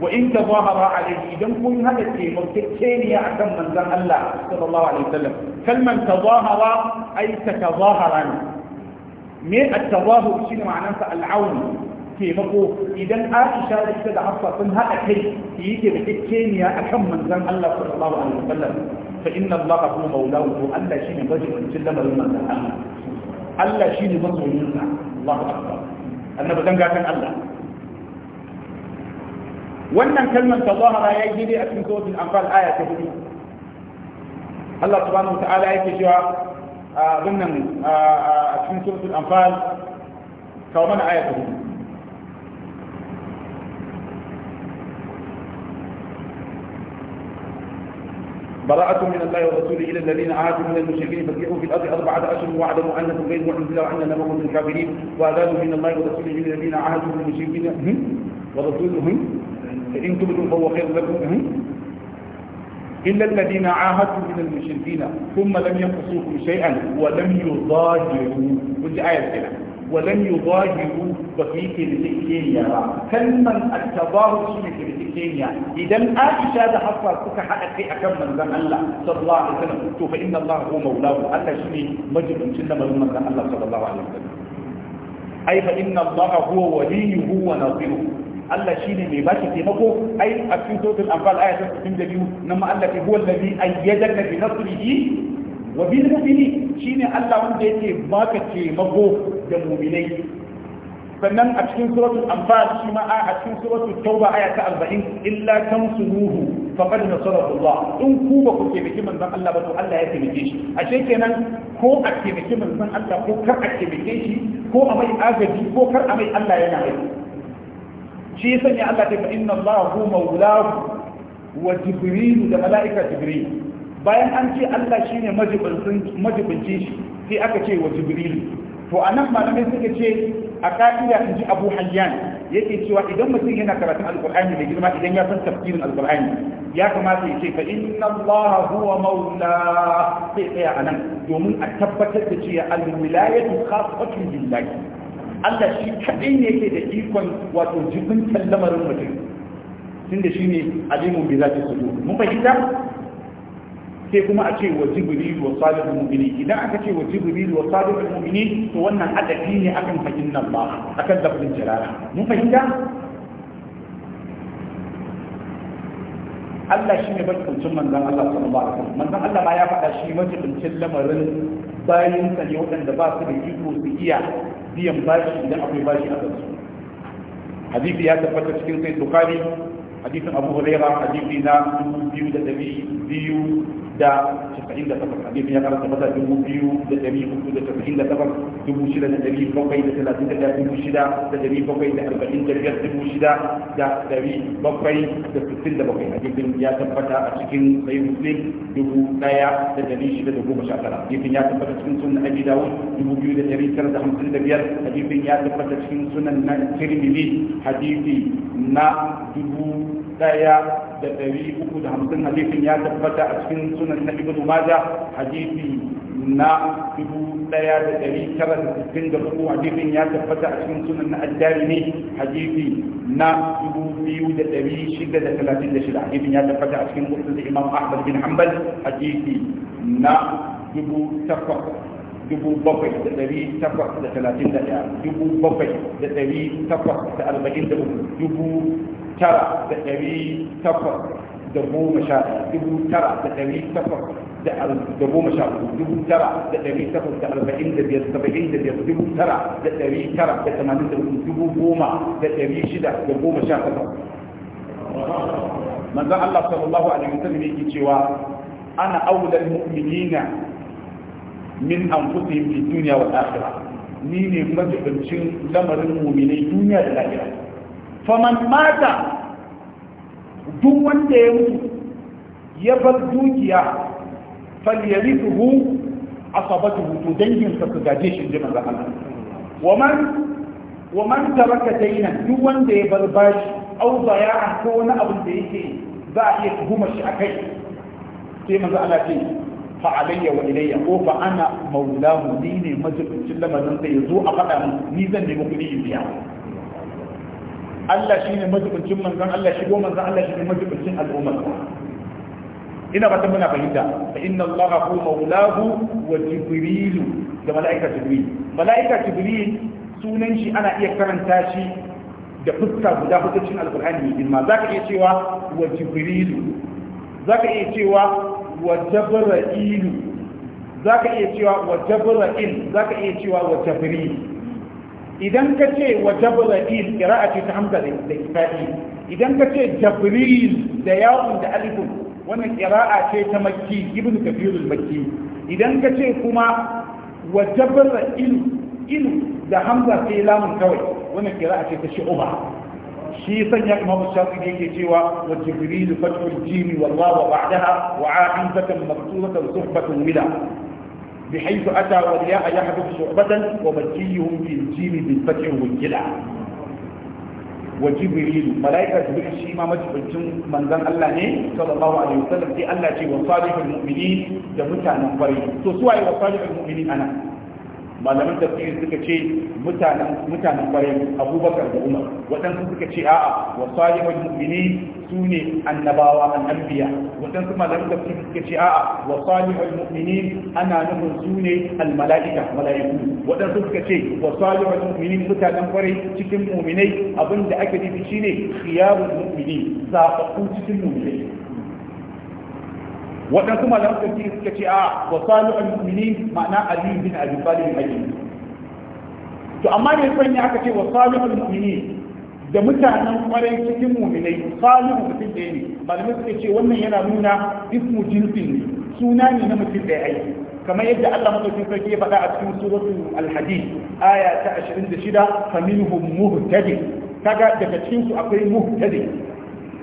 wa in tazahara alayhi idan kun hada taimakekeniya akan manzan Allah sallallahu alaihi wasallam kalman tazahara ay tatazahara me at-tazahur shine ma'anarsa al-aun taimako idan Aisha da ita da Hafsa sun haɗa kai su yi taimakekeniya a kan manzan Allah sallallahu alaihi wasallam fa inna Allah huwa maulahu to Allah shine majibincin lamarin manzan Allah Allah shine masoyinsa Allahu akbar annabi dan gatan Allah wannan kalmar zahara ya yi a cikin suratul anfal aya ta hudu Allah subhanahu wataala yake cewa a wannan a cikin suratul anfal kawo mana aya ta hudu براءة من الله ورسوله إلى الذين عاهدوا من المشركين فسيحوا في الأرض أربعة أشهر واعلموا أنكم غير معجزة وأن لكم من الكافرين وأذان من الله ورسوله إلى الذين عاهدوا من المشركين هم ورسولهم فإن تبدوا فهو خير لكم إلا الذين عاهدتم من المشركين ثم لم ينقصوكم شيئا ولم يضاجروا قلت آية كده ولم يضاهروا بقي كينيا كلمة التظاهر شنو كينيا إذا عائشة هذا حصل سكا حقك أكم من ذنب الله صلى الله عليه وسلم شوف فإن الله هو مولاه أتى شنو مجد شنو من ذنب الله صلى الله عليه وسلم أي فإن الله هو وليه وناصره Allah shine mai baki taimako ai a cikin sautul anfal aya ta 62 nan ma Allah ke huwa allazi ayyadaka bi nasrihi wa bil shi shine Allah wanda yake baka taimako da mu'minai sannan a cikin suratul anfal shi ma a cikin suratul tauba aya ta 40 illa tansuruhu faqad nasarahu Allah in ku ba ku taimaki manzon Allah ba to Allah ya taimake shi ashe kenan ko a taimaki manzon Allah ko kar a taimake shi ko a mai agaji ko kar a mai Allah yana mai shi sanya ya Allah ta fa na Allah hu maulahu wa jibril da mala'ika jibril bayan an ce Allah shine majibincin majibinci shi sai aka ce wa jibril to anan malamai suka ce a ka'ida in ji Abu Hayyan yake cewa idan mutum yana karatun alqur'ani da girma idan ya san tafsirin alqur'ani ya kamata ya ce fa inna Allah huwa maula sai tsaya anan domin a tabbatar da cewa al-wilayatu khassatun billahi Allah shi kaɗai ne yake da ikon wato jibintan lamarin mutum tun da shi ne alimun bai za ta su mun fahimta sai kuma a ce wa jibril wa salihul mu'mini idan aka ce wa jibril wa salihul mu'mini to wannan adabi ne akan fahimtar ba akan lafzin jirara mun fahimta Allah shi ne majibincin manzan Allah sallallahu alaihi wasallam manzan Allah ma ya faɗa shi majibincin lamarin bayan sa ne waɗanda ba su da iko su iya biyan bashi idan akwai bashi a kansu hadisi ya tabbata cikin sai bukhari hadisin abu huraira hadisi na biyu da dari biyu da casa'in da takwas hadisin ya karanta mata dubu biyu da dari hudu da casa'in da takwas dubu shida da dari bakwai da talatin da ɗaya dubu shida da dari bakwai da arba'in da biyar dubu shida da dari bakwai da sittin da bakwai hadisin ya tabbata a cikin sai muslim dubu ɗaya da dari shida da goma sha tara hadisin ya tabbata cikin sunan abi dawud dubu biyu da dari tara da hamsin da biyar hadisin ya tabbata cikin sunan na tirmidhi hadisi na dubu ɗaya da ɗari uku da hamsin hadisin ya tabbata a cikin sunan na ibnu maja hadisi na dubu ɗaya da ɗari tara da sittin da uku hadisin ya tabbata a cikin sunan na addari ne hadisi na dubu biyu da ɗari shida da talatin da shida hadisin ya tabbata a cikin musulun imam ahmad bin hanbal hadisi na dubu takwas dubu bakwai da ɗari takwas da talatin da ɗaya dubu bakwai da ɗari takwas da arba'in da uku dubu tara da ɗari takwas da goma sha ɗaya dubu tara da ɗari takwas da goma sha uku dubu tara da ɗari takwas da arba'in da biyar saba'in da biyar dubu tara da ɗari tara da tamanin da uku dubu goma da ɗari shida da goma sha takwas manzon Allah sallallahu alaihi wasallam yake cewa ana aulal mu'minina min anfusihim fi dunya wal akhirah ni ne majibincin lamarin mu'minai duniya da lahira faman mata duk wanda ya mutu ya bar dukiya falyarithu asabatuhu to dangin sa su gaje shi inji manzo Allah wa man wa man taraka dayna duk wanda ya bar bashi au zaya'a ko wani abin da yake za a iya tuhuma shi akai sai manzo Allah ce fa alayya wa ilayya ko fa ana maulahu ni ne majibincin lamarin sai zo a faɗa min ni zan nemi kuɗi in biya Allah shi ne manzan Allah shi ko Allah shi ne al'ummar ina ba muna fahimta fa inna da mala'ika jibril sunan shi ana iya karanta shi da fuska guda hudu al'kurani alqur'ani ma za zaka iya cewa wa za ka iya cewa wa jabra'ilu za ka iya cewa wa jabra'il za ka iya cewa wa idan ka ce wa jabra'il ƙira'a ce ta hamza da kifa'i idan ka ce jabril da yawon da alifun wannan ƙira'a ce ta makki ibn kafirul makki idan ka ce kuma wa jabra'il il da hamza sai lamun kawai wannan ƙira'a ce ta shi'uba shi sanya imamu shafi'i yake cewa wa jibril fathul jimi wallahu wa ba'daha wa aqibatan maktubatan suhbatun wila بحيث أتى والياء يحذف شعبة ومجيهم في الجيم بالفتح والجلع وجبريل ملائكة جبريل شيما مجبتون من ذن الله صلى الله عليه وسلم في الله وصالح المؤمنين جمتا نفري تسوى وصالح المؤمنين أنا malaman tafsiri suka ce mutanen mutanen abubakar da umar waɗansu suka ce a'a wa salihul mu'mini su ne annabawa an annabiya waɗansu malaman tafsiri suka ce a'a wa salihul mu'mini ana nufin sune almala'ika mala'iku waɗansu suka ce wa salihul mu'mini mutanen kwarai cikin mu'minai abinda ake nufi shine khiyarul mu'mini zaɓaɓɓu cikin mu'minai waɗansu malaman tafsiri suka ce a wa salihul mu'minin ma'ana ali bin abi talib ake to amma ne sanya aka ce wa salihul mu'minin da mutanen kwarai cikin mu'minai salihu mutum ɗaya ne malamai suka ce wannan yana nuna ismu jinsin ne suna ne na mutum ɗaya aiki kamar yadda Allah madaukakin sarki ya faɗa a cikin suratul al-hadid aya ta 26 faminhum muhtadin kaga daga cikin su akwai muhtadin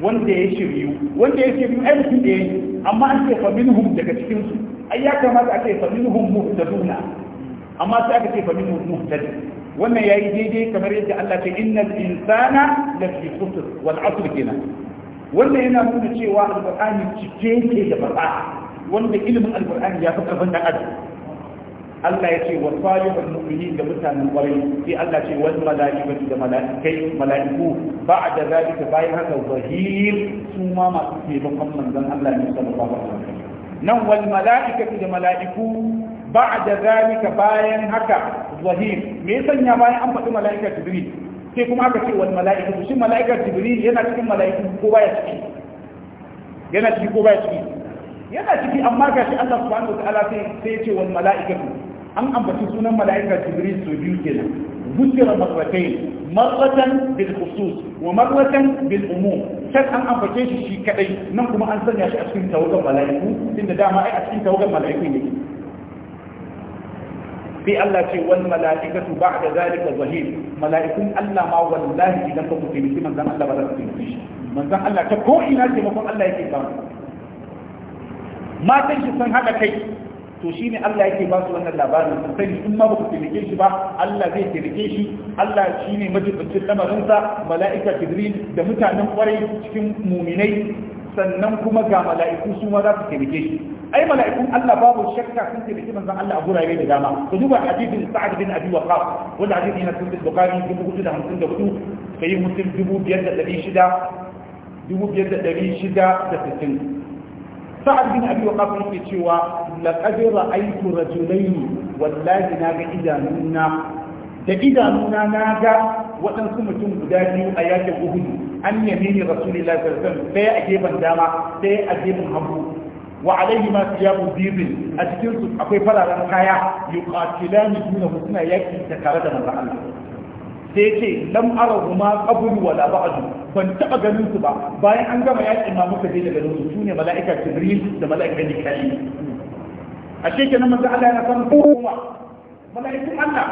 wanda ya shiryu wanda ya shiryu ai mutum da yayi amma an ce fa minhum daga cikin su ai ya kamata a ce fa minhum muhtaduna amma sai aka ce fa minhum muhtadi wannan yayi daidai kamar yadda Allah ta innal insana lafi khusr wal asr kenan wannan yana nuna cewa al alqur'ani cike yake da fasaha wanda ilimin al alqur'ani ya fi karfin dan adam Allah ya ce wa salihul mu'minin da mutanen kwarai sai Allah ce wani malaikatu da malaikai malaiku da zaɓi zalika bayan haka zahir su ma masu taimakon manzon Allah ne sallallahu alaihi wasallam nan wal malaikatu da malaiku da zaɓi zalika bayan haka zahir me yasa sanya bayan an faɗi malaika jibril sai kuma aka ce wal mala'ikatu? shi mala'ikar jibiri yana cikin malaiku ko baya ciki yana ciki ko baya ciki yana ciki amma gashi Allah subhanahu wa ta'ala sai sai ya ce wal malaikatu an ambaci sunan mala'ika jibril su biyu kenan zukira marratain marratan bil khusus wa marratan bil umum kan an ambace shi shi kadai nan kuma an sanya shi a cikin tawagan mala'iku inda dama ai a cikin tawagan mala'iku ne. sai Allah ce wal mala'ikatu ba'da zalika zahir mala'ikun Allah ma wallahi idan ka kuke miki manzon Allah ba za su yi shi manzon Allah ta ko ina ce makon Allah yake samu matan shi sun hada kai to shi ne Allah yake ba su wannan labarin sun sani in ma ba ku taimake shi ba Allah zai taimake shi Allah shi ne majibincin lamarinsa mala'ika Jibril da mutanen kwarai cikin muminai sannan kuma ga mala'iku su ma za su taimake shi ai mala'ikun Allah babu shakka sun taimaki manzon Allah a gurare da dama ku duba hadisin Sa'ad bin Abi Waqqas wanda hadisi yana cikin Bukhari 454 sai Muslim 5600 5660 sa'ad bin abi waqas yake cewa laqad ra'aytu rajulayn wallahi naga idanuna da idanuna naga waɗansu mutum guda biyu a yakin uhud an ni rasulullahi sallallahu alaihi wasallam sai a gefen dama sai a gefen hagu wa alaihi ma siyabu a cikin su akwai fararen kaya yuqatilani dunahu suna yaki ta tare da manzo Allah da yake lam arahuma qablu wala ba'du ban taba ganin su ba bayan an gama yakin ma muka je daga su ne mala'ika jibril da mala'ika mikali a shekin nan manzo Allah ya san kuma mala'ikun Allah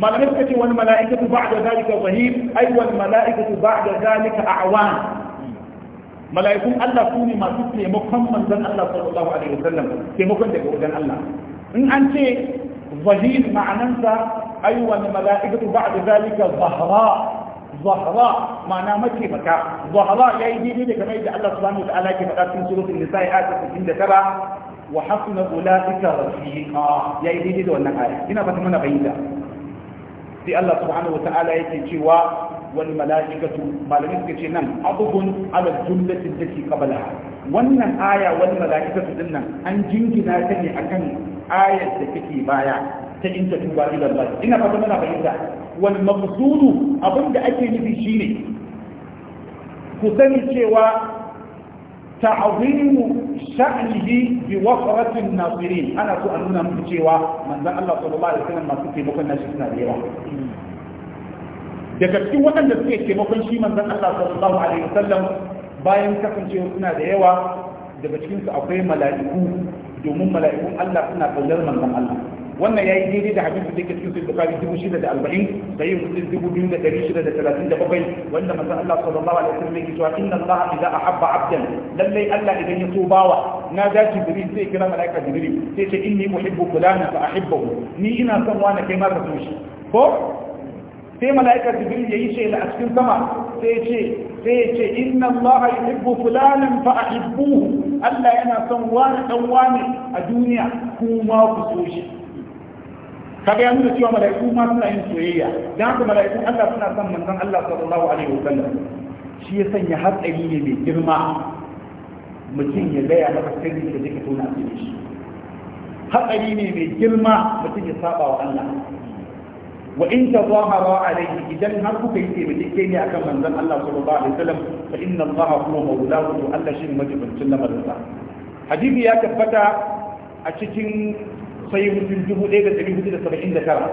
malamai suka ce wani mala'ika mala'ikatu ba'da zalika zahim ay wal mala'ikatu ba'da zalika a'wan mala'ikun Allah sune masu taimakon manzon Allah sallallahu alaihi wasallam taimakon daga wajen Allah in an ce ظهير معننسا أيوة الملائكة بعد ذلك ظهراء ظهراء معنى مكي مكا ظهراء يأيدي لي كما يجي الله سبحانه وتعالى كما قال في سورة النساء آية 67 وحسن أولئك رفيقا يأيدي لي دون آية هنا فتمنى بعيدا في الله سبحانه وتعالى يكي wani mala’ikatu malamin suka ce nan abubuwan ala jumlatin da ke kabala wannan aya wani mala’ikatu din nan an jingina ta ne akan ayar da take baya ta in ta tuba ila ina fata mana bayyana wani mafusudu abin da ake nufi shine ku sani cewa ta'azimu sha'nihi bi waqratin nasirin ana so a nuna muku cewa manzon Allah sallallahu alaihi wasallam masu taimakon nasu suna da yawa daga cikin waɗanda suke taimakon shi manzon Allah sallallahu alaihi wasallam bayan kasancewa suna da yawa daga cikin su akwai mala'iku domin mala'iku Allah suna kallar manzon Allah wannan yayi daidai da hadisi da ke cikin sahih bukhari 6040 sahih muslim 2637 wanda manzon Allah sallallahu alaihi wasallam yake cewa inna Allah idza ahabba 'abdan lallai Allah idan ya so na da jibril sai kira malaika jibril sai ce inni uhibbu fulana fa ahibbahu ni ina son wani kai ma ka so shi ko sai mala'ika jibril yayi shela a cikin sama sai ce sai ce inna allaha yuhibbu fulanan fa ahibbuhu Allah yana son wani dan wani a duniya kuma ku so shi kaga yanzu cewa mala'iku ma suna yin soyayya dan haka mala'ikun Allah suna son manzon Allah sallallahu alaihi wasallam shi ya sanya hatsari ne mai girma mutum ya gaya maka sirri da jika tona a shi hatsari ne mai girma mutum ya saba wa Allah wa in tazahara alayhi idan har kuka yi taimake ne akan manzon Allah sallallahu alaihi wasallam fa inna Allah huwa mawlahu to Allah shi majibincin lamarin sa hadisi ya tabbata a cikin sai mutum tara.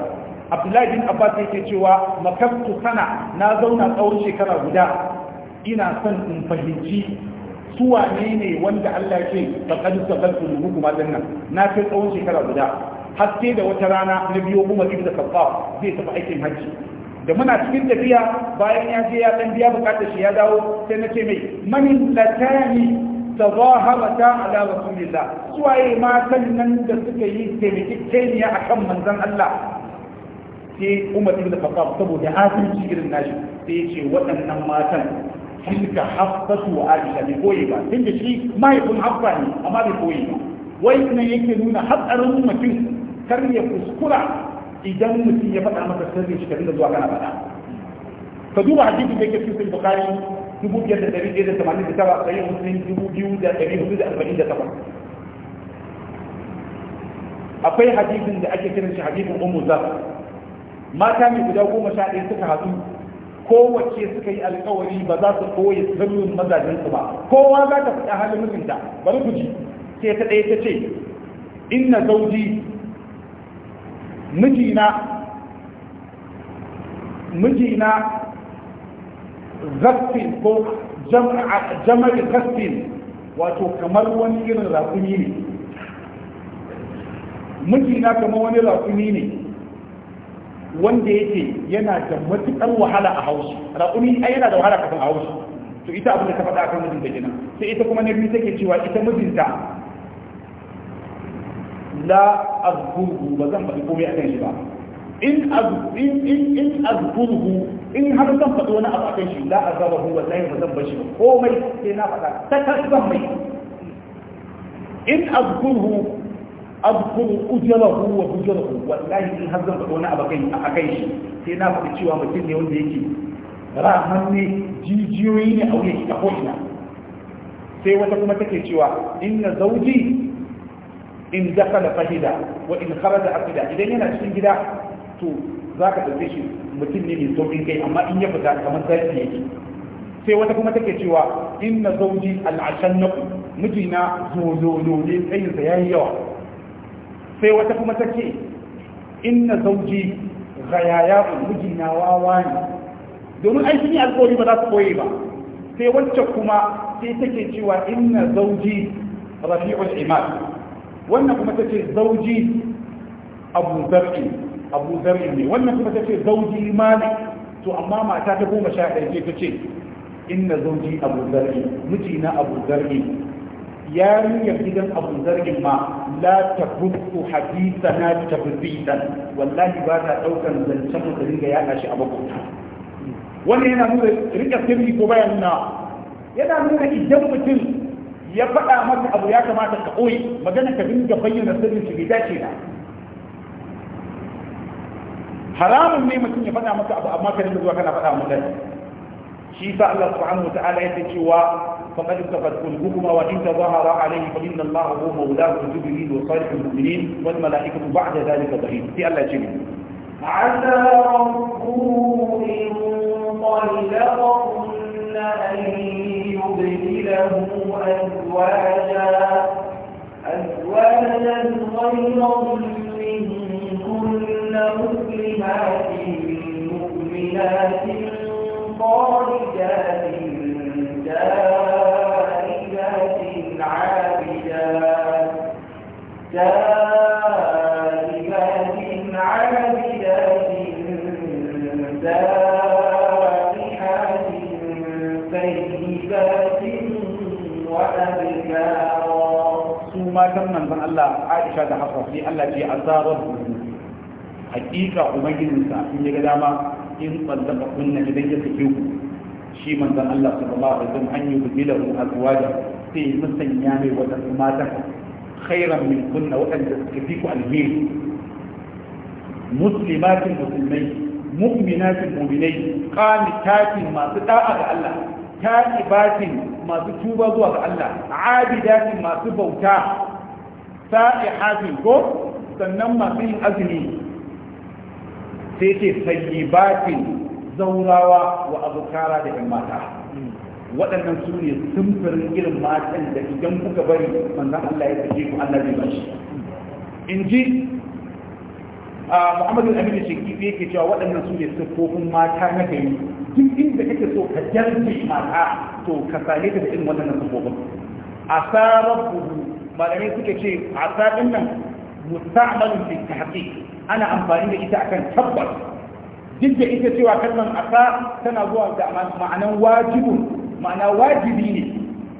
abdullahi bin abbas yake cewa makabtu sana na zauna tsawon shekara guda ina son in fahimci su wane ne wanda Allah ce faqad sabaltu lukum adanna na kai tsawon shekara guda haske da wata rana na biyo umar ibn khattab zai tafi aikin hajji da muna cikin tafiya bayan ya je ya dan biya bukatar shi ya dawo sai na ce mai manin latani tazaharata ala rasulillah suwaye matan nan da suka yi taimakekeniya akan manzon Allah sai Umar ibn Khattab saboda asirci irin nashi sai ya ce waɗannan matan tilka hafsatu wa Aisha bai koyi ba da shi mahaifin hafsa ne amma bai koyi ba wai nan yake nuna hatsarin mutum kar ya kuskura idan mutum ya faɗa maka sirri shi ka dinga zuwa kana faɗa ka duba hadisi da yake cikin bukari dubu biyar da ɗari ɗaya da tamanin da tara ɗari musulun dubu biyu da ɗari hudu da arba'in da takwas akwai hadisin da ake kiran shi hadisin ummu zar mata mai guda goma sha ɗaya suka haɗu kowace suka yi alkawari ba za su koya sirrin mazajen su ba kowa za ta faɗa halin mijinta bari ku ji sai ta ɗaya ta ce inna zauji mijina mijina zafin ko jama'ar zafin wato kamar wani irin rakumi ne mijina kamar wani rakumi ne wanda yake yana da matuƙar wahala a haushi. raƙumi ai yana da wahala kafin a haushi. to ita abin da ta faɗa akan mijinta gina. sai ita kuma ne take cewa ita mijinta لا أذكره ba zan faɗi komai شبا shi ba in in in har zan faɗi wani abu akan shi la azabahu wallahi ba zan bashi ba komai sai na faɗa ta mai in azkuruhu azkuru ujrahu wa bujrahu wallahi in har zan yake ne jijiyoyi ne a wuyan ita ko sai wata kuma take cewa inna zauji in dakala fahida wa in kharaja afida idan yana cikin gida to zaka dauke shi mutum ne mai saukin kai amma in ya fita kamar zaki yake sai wata kuma take cewa inna zawji al'ashannaku mijina zololo ne tsayinsa yayi yawa sai wata kuma take inna zawji ghayayaku mijina wawa ne domin ai sun alƙawari ba za su koye ba sai wacce kuma sai take cewa inna zawji rafi'ul imad wannan kuma ta ce zauji abu zar'i abu zar'i ne wannan kuma ta ce zauji malik to amma mata ta goma sha ɗaya ce ta ce inna zauji abu zar'i na abu zar'i yarinyar gidan abu zargin ma la ta rufu hadisa na ta wallahi ba ta ɗaukan zancen mu dinga yaɗa shi a makwabta wannan yana nuna rika sirri ko bayan na yana nuna idan mutum ya faɗa maka abu ya kamata ka ɓoye magana ka dinga bayyana sirrin shi bai dace na haramun ne mutum ya faɗa maka abu amma ka dinga zuwa kana faɗa mutane shi sa Allah subhanahu wa ta'ala yake cewa faqad tafat kulukuma wa in tazahara alayhi fa inna Allah huwa mawlahu jibril wa salihul mu'minin wal mala'ikatu ba'da dhalika dhahir sai Allah ce عسى ربه إن طلقكم أن يبدله أزواجا أزواجا خيرا منكن مسلمات مؤمنات قارئات تائبات عابدات تائبات عابدات su matan manzon Allah Aisha da Hafsa sai Allah ce azabar hakika sa in ya ga dama in tsallaka kunna idan ya sake ku shi manzon Allah sallallahu alaihi wasallam an yi bidilahu azwaja sai sanya mai wata matan khairan min kunna waɗanda suka fi ku alheri muslimatin musulmai mu'minatin mu'minai qanitatin masu da'a ga Allah ta'ibatin masu tuba zuwa ga Allah abidatin masu bauta sa'ihatin ko sannan masu yin azumi sai ce sayyibatin zaurawa wa abukara da yan mata waɗannan su ne sumfurin irin matan da idan kuka bari manzan Allah ya tafi ku Allah zai bashi in ji muhammadu aminu shakifi yake cewa waɗannan su ne siffofin mata na gari duk inda kake so ka jarje mata to ka same ta da irin waɗannan siffofin asa rabbuhu malamai suka ce asa din nan musta'malun fi tahqiq ana amfani da ita akan tabbas duk da ita cewa kalmar asa tana zuwa da ma'anan wajibun ma'ana wajibi ne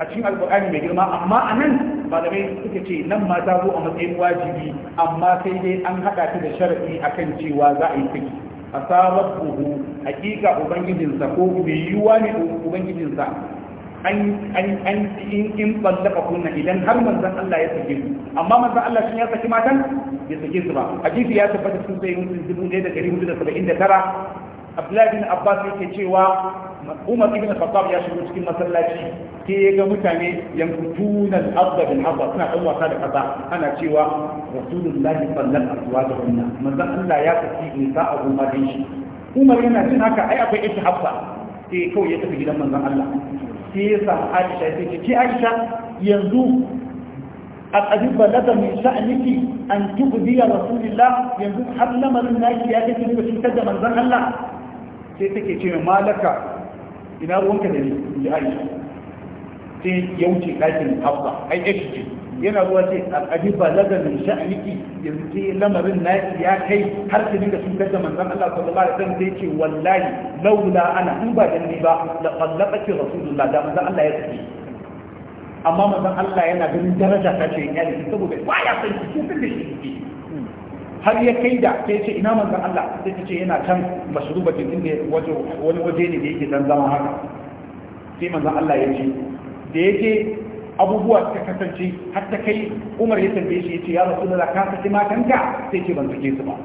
a cikin alqur'ani mai girma amma a nan. malamai suka ce nan ma ta zo a matsayin wajibi amma sai dai an haɗa ta da sharaɗi akan cewa za a yi saki A sabar kuhu hakika ubangijinsa ko mai yiwuwa ne ubangijinsa an in tsallaka kunna idan har manzan Allah ya saki su amma manzan Allah sun ya saki matan ya saki su ba hadisi ya tabbata sun sai mutum ɗaya da da saba'in da tara abdullahi bin abbas yake cewa umar ibn khattab ya shigo cikin masallaci ke ga mutane yankutuna al-ardh bil ardh suna dan wasa da kaza ana cewa rasulullahi sallallahu alaihi wasallam manzon Allah ya tafi ne sa abu madin shi umar yana jin haka ai akwai ita hafsa sai kawai ya tafi gidan manzon Allah sai ya samu Aisha sai ce ki Aisha yanzu أقدم لك من شأنك أن تؤذي رسول الله ينزل حلما من أجل أجل أن تتدى من الله sai take ce malaka ina ruwanka da ni in ji aisha sai ya wuce ɗakin hafsa ai ya ce yana ruwa ce Al'adu ba laga min sha'aniki yanzu ke lamarin na ya kai har ki dinga sun gaza Zan Allah sallallahu alaihi wasallam sai ce wallahi laula ana in ba dan ni ba la qallaqati rasulullah da manzon Allah ya tafi amma manzon Allah yana ganin daraja ta ce ya ne saboda ya san shi, ki kin da shi har ya kai da ta ce ina manzon Allah sai ta ce yana can mashrubatin inda waje wani waje ne da yake dan zama haka sai manzon Allah ya ce da yake abubuwa suka kasance har ta kai Umar ya tambaye shi ya ce ya Rasulullah ka saki matanka sai ce ban sake su ba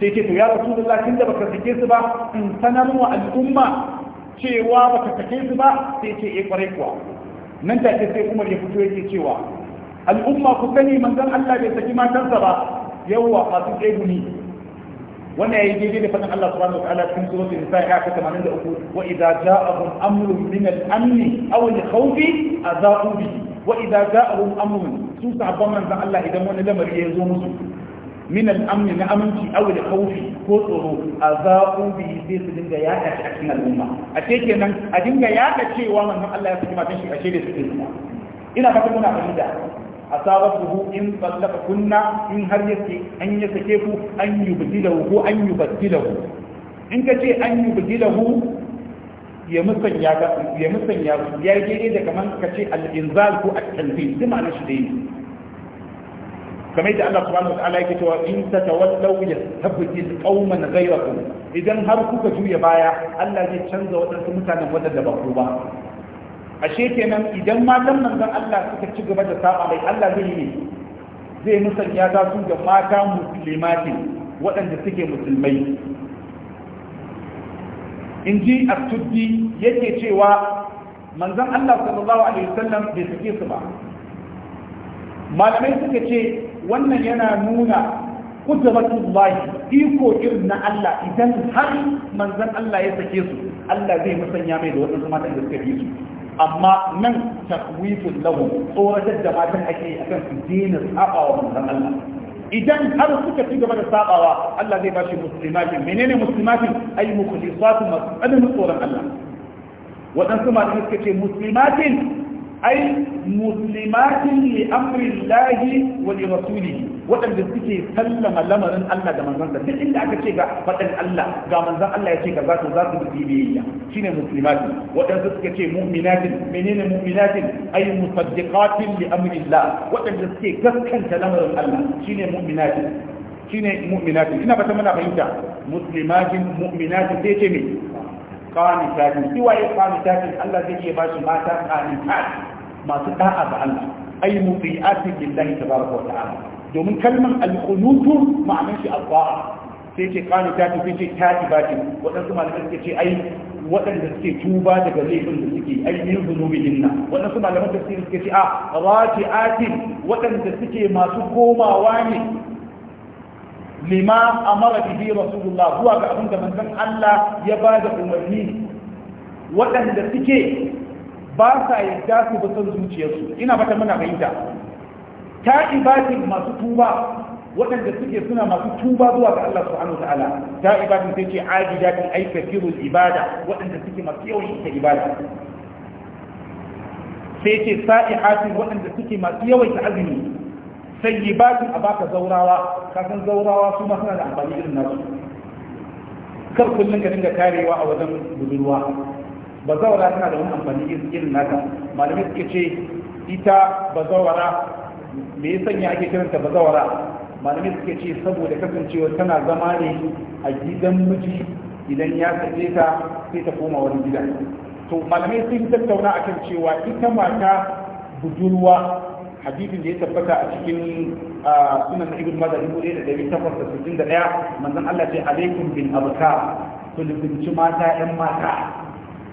sai ce to ya Rasulullah tunda baka sake su ba in sanar wa al'umma cewa baka sake su ba sai ce eh kwarai kuwa nan take sai Umar ya fito yake cewa al'umma ku sani manzon Allah bai saki matansa ba yawwa masu tsegumi wannan yayi daidai da fadin Allah subhanahu wataala cikin suratul nisa ya ka 83 wa idza ja'ahum amrun min al-amn aw al-khawf adha'u bi wa idza ja'ahum amrun su sahabban manzon Allah idan wani lamari ya zo musu min al-amn na aminci aw al-khawf ko tsoro adha'u bi sai su dinga yaɗa shi a cikin al'umma a ce kenan a dinga yaɗa cewa manzon Allah ya fi matan shi a shaidar su ina fata muna fahimta asabatuhu in ballaka kunna in har yake an ya sake ku an yubdilahu ko an yubdilahu in ka ce an yi yubdilahu ya musanya ga ya musanya ya yi daidai da kaman ka ce al-inzal ko at-tanzil duk ma'anar shi dai kamar yadda Allah subhanahu wa ta'ala yake cewa in tatawallaw yastabdil qauman ghayrakum idan har kuka juya baya Allah zai canza wadansu mutanen wadanda ba ku ba ashe kenan idan matan manzon Allah suka ci gaba da saba mai Allah zai yi zai musanya ta su ga mata musulmati waɗanda suke musulmai in ji tuddi yake cewa manzon Allah sallallahu alaihi wasallam bai suke su ba malamai suka ce wannan yana nuna kudratullahi iko irin na Allah idan har manzon Allah ya sake su Allah zai musanya mai da waɗansu matan da suka bi su amma nan takwifin lahu tsoratar da matan ake akan su dena sabawa Allah idan har suka ci gaba da sabawa Allah zai bashi muslimatin menene muslimatin ay mukhlisatu masu tsoron Allah waɗansu masu suka ce muslimatin ai muslimatin li amrin lahi wa li rasulihi waɗanda suke sallama lamarin Allah da manzansa duk inda aka ce ga faɗin Allah ga manzan Allah ya ce ga za su za su bi biyayya shine muslimatin waɗanda suka ce mu'minatin menene mu'minatin ay musaddiqatin li amrillah waɗanda suke gaskanta lamarin Allah shine mu'minatin shine mu'minatin ina ta muna fahimta muslimatin mu'minatin sai ce me qanitatin kiwaye qanitatin Allah zai iya bashi mata qanitat masu da'a ga Allah Ai ay mubi'atin lillahi tabaraka wa ta'ala domin kalman al-qunutu ma'anar shi al-qa'a sai ce qanitatin sai ce bati. wadansu malamai suka ce ai waɗanda suke tuba daga laifin da suke ainihin zunubi dinna waɗansu malamai tafsiri suke ce a ah, raji'atin waɗanda suke masu komawa ne lima amara bihi rasulullah zuwa ga abin da manzon Allah ya ba da umarni waɗanda suke ba sa yadda su ba son zuciyarsu ina fata muna fahimta ta ibadin masu tuba waɗanda suke suna masu tuba zuwa ga Allah subhanahu wa ta'ala ta ibatin sai ce ajidatin ai kafirul ibada waɗanda suke masu yawan ita ibada sai ce sa'ihatin waɗanda suke masu yawan azumi sayyibatin a baka zaurawa ka san zaurawa su ma suna da amfani irin nasu kar kullum ka dinga karewa a wajen budurwa ba zaura tana da wani amfani irin naka malamai suke ce ita ba zaura me ya sanya ake kiranta ba zaura malamai suke ce saboda kasancewa tana zama ne a gidan miji idan ya sake ta sai ta koma wani gida to malamai sun tattauna akan cewa ita mata budurwa hadisin da ya tabbata a cikin sunan ibn mazah dubu ɗaya da ɗari takwas da sittin da ɗaya manzon Allah ce alaikum bin abka ku lubunci mata ƴan mata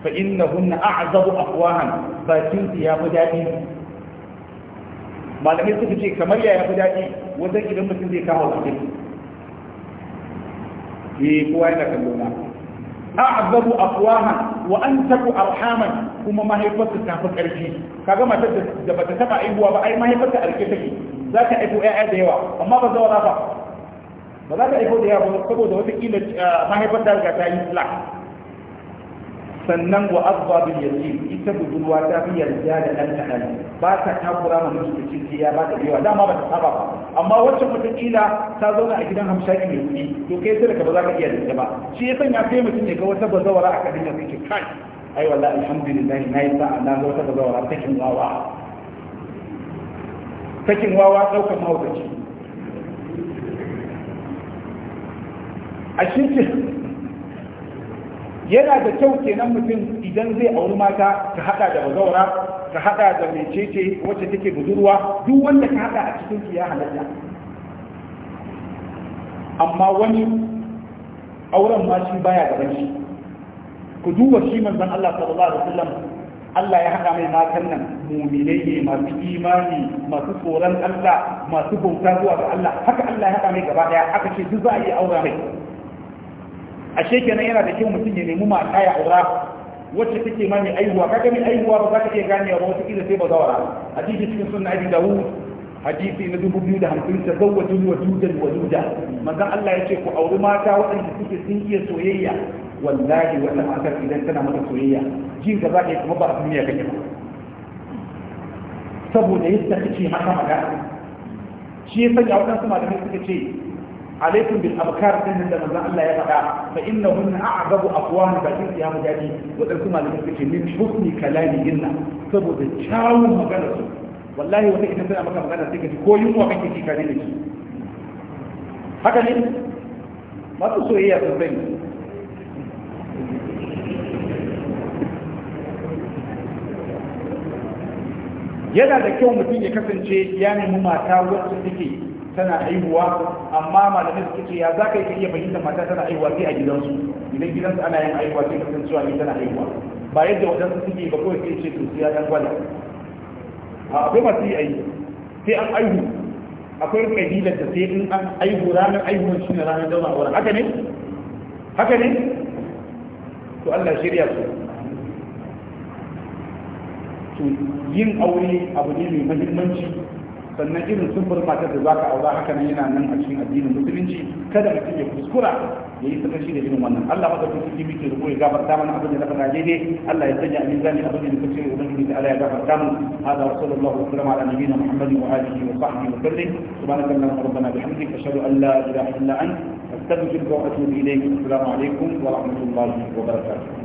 fa innahunna a'zabu afwahan bakin su ya fi daɗi malamai suka ce kamar ya ya fi daɗi wajen idan mutum zai kama bakin eh kowa yana kallona a'zabu afwahan wa an taku arhaman kuma mahaifarsa ta fi ƙarfi kaga matar da bata taba aihuwa ba ai mahaifarta a rike take za ta aiko ƴaƴa da yawa amma ba zawa ba ba za ta aiko da yawa ba saboda wata kila eh, mahaifar da ta yi la sannan wa abba bil yatim ita budurwa ta fi yarda da dan kadan ba ta takura ma miji cikin ya ba ta yawa dama ba ta saba ba amma wacce kila ta zo a gidan hamshaki mai kuɗi to kai sai ka ba za ka iya da ba shi ya sanya kai mutum ne ga wata bazawara a kadin yanzu ke kai ai wallahi alhamdulillah nayi sa'a na ga wata bazawara kin wawa kin wawa daukar mahaukaci a shirkin yana da kyau kenan mutum idan zai auri mata ka hada da bazaura ka hada da mecece wacce take budurwa duk wanda ka hada a cikin su ya halatta amma wani auren ma shi baya gaban shi ku duba shi manzon Allah sallallahu alaihi wasallam Allah ya haɗa mai matan nan muminai ne masu imani masu tsoron Allah masu bauta zuwa ga Allah haka Allah ya haɗa mai gaba ɗaya aka ce duk za a yi aure mai ashe kenan yana da kyau mutum ya nemi mata ya aura wacce take ma mai aihuwa kaga mai aihuwa ba za ka iya gane ba wata kila sai ba zawara hadisi cikin sunna abi dawud hadisi na dubu biyu da hamsin ta zawwajin wajudan wajuda manzon Allah ya ce ku auri mata waɗanda suke sun iya soyayya wallahi wannan matar idan tana mata soyayya jin ka za ka yi kuma ba a duniya kake ba saboda yadda kake mata magana shi ya sanya waɗansu malamai suka ce alaikum bil abkar din da manzon Allah ya faɗa fa innahunna a'zabu aqwan ba kin ya mujadi wadansu malamai suke min husni kalamihinna saboda kyawun maganar su wallahi wata idan tana maka magana sai ka ko yunwa kake kare da shi haka soyayya sun sani yana da kyau mutum ya kasance ya mata wacce take tana haihuwa amma malamai suke ce ya za ka iya fahimtar mata tana haihuwa sai a gidansu idan gidansu ana yin haihuwa sai ka san cewa ni tana haihuwa ba yadda wajen su suke ba kawai sai ce to sai ya dan gwada akwai masu yi aiki sai an aihu akwai kabilar da sai in an aihu ranar aihuwar shi ne ranar dauna auren haka ne haka ne to Allah shirya su to yin aure abu ne mai mahimmanci sannan irin sun matar da za ka aura haka nan yana nan a cikin addinin musulunci kada mutum ya kuskura ya yi sakaci da irin wannan Allah maka tun cikin muke rubo ya gafarta mana abin da na faɗa daidai Allah ya sanya amin zani abin da na kace wa ubangiji da Allah ya gafarta mu hada wa sallallahu alaihi wa sallam ala nabiyyina muhammadin wa alihi wa sahbihi wa sallam subhanaka allahumma rabbana bihamdika ashhadu an la ilaha illa anta astaghfiruka wa atubu ilayk assalamu alaikum wa rahmatullahi wa barakatuh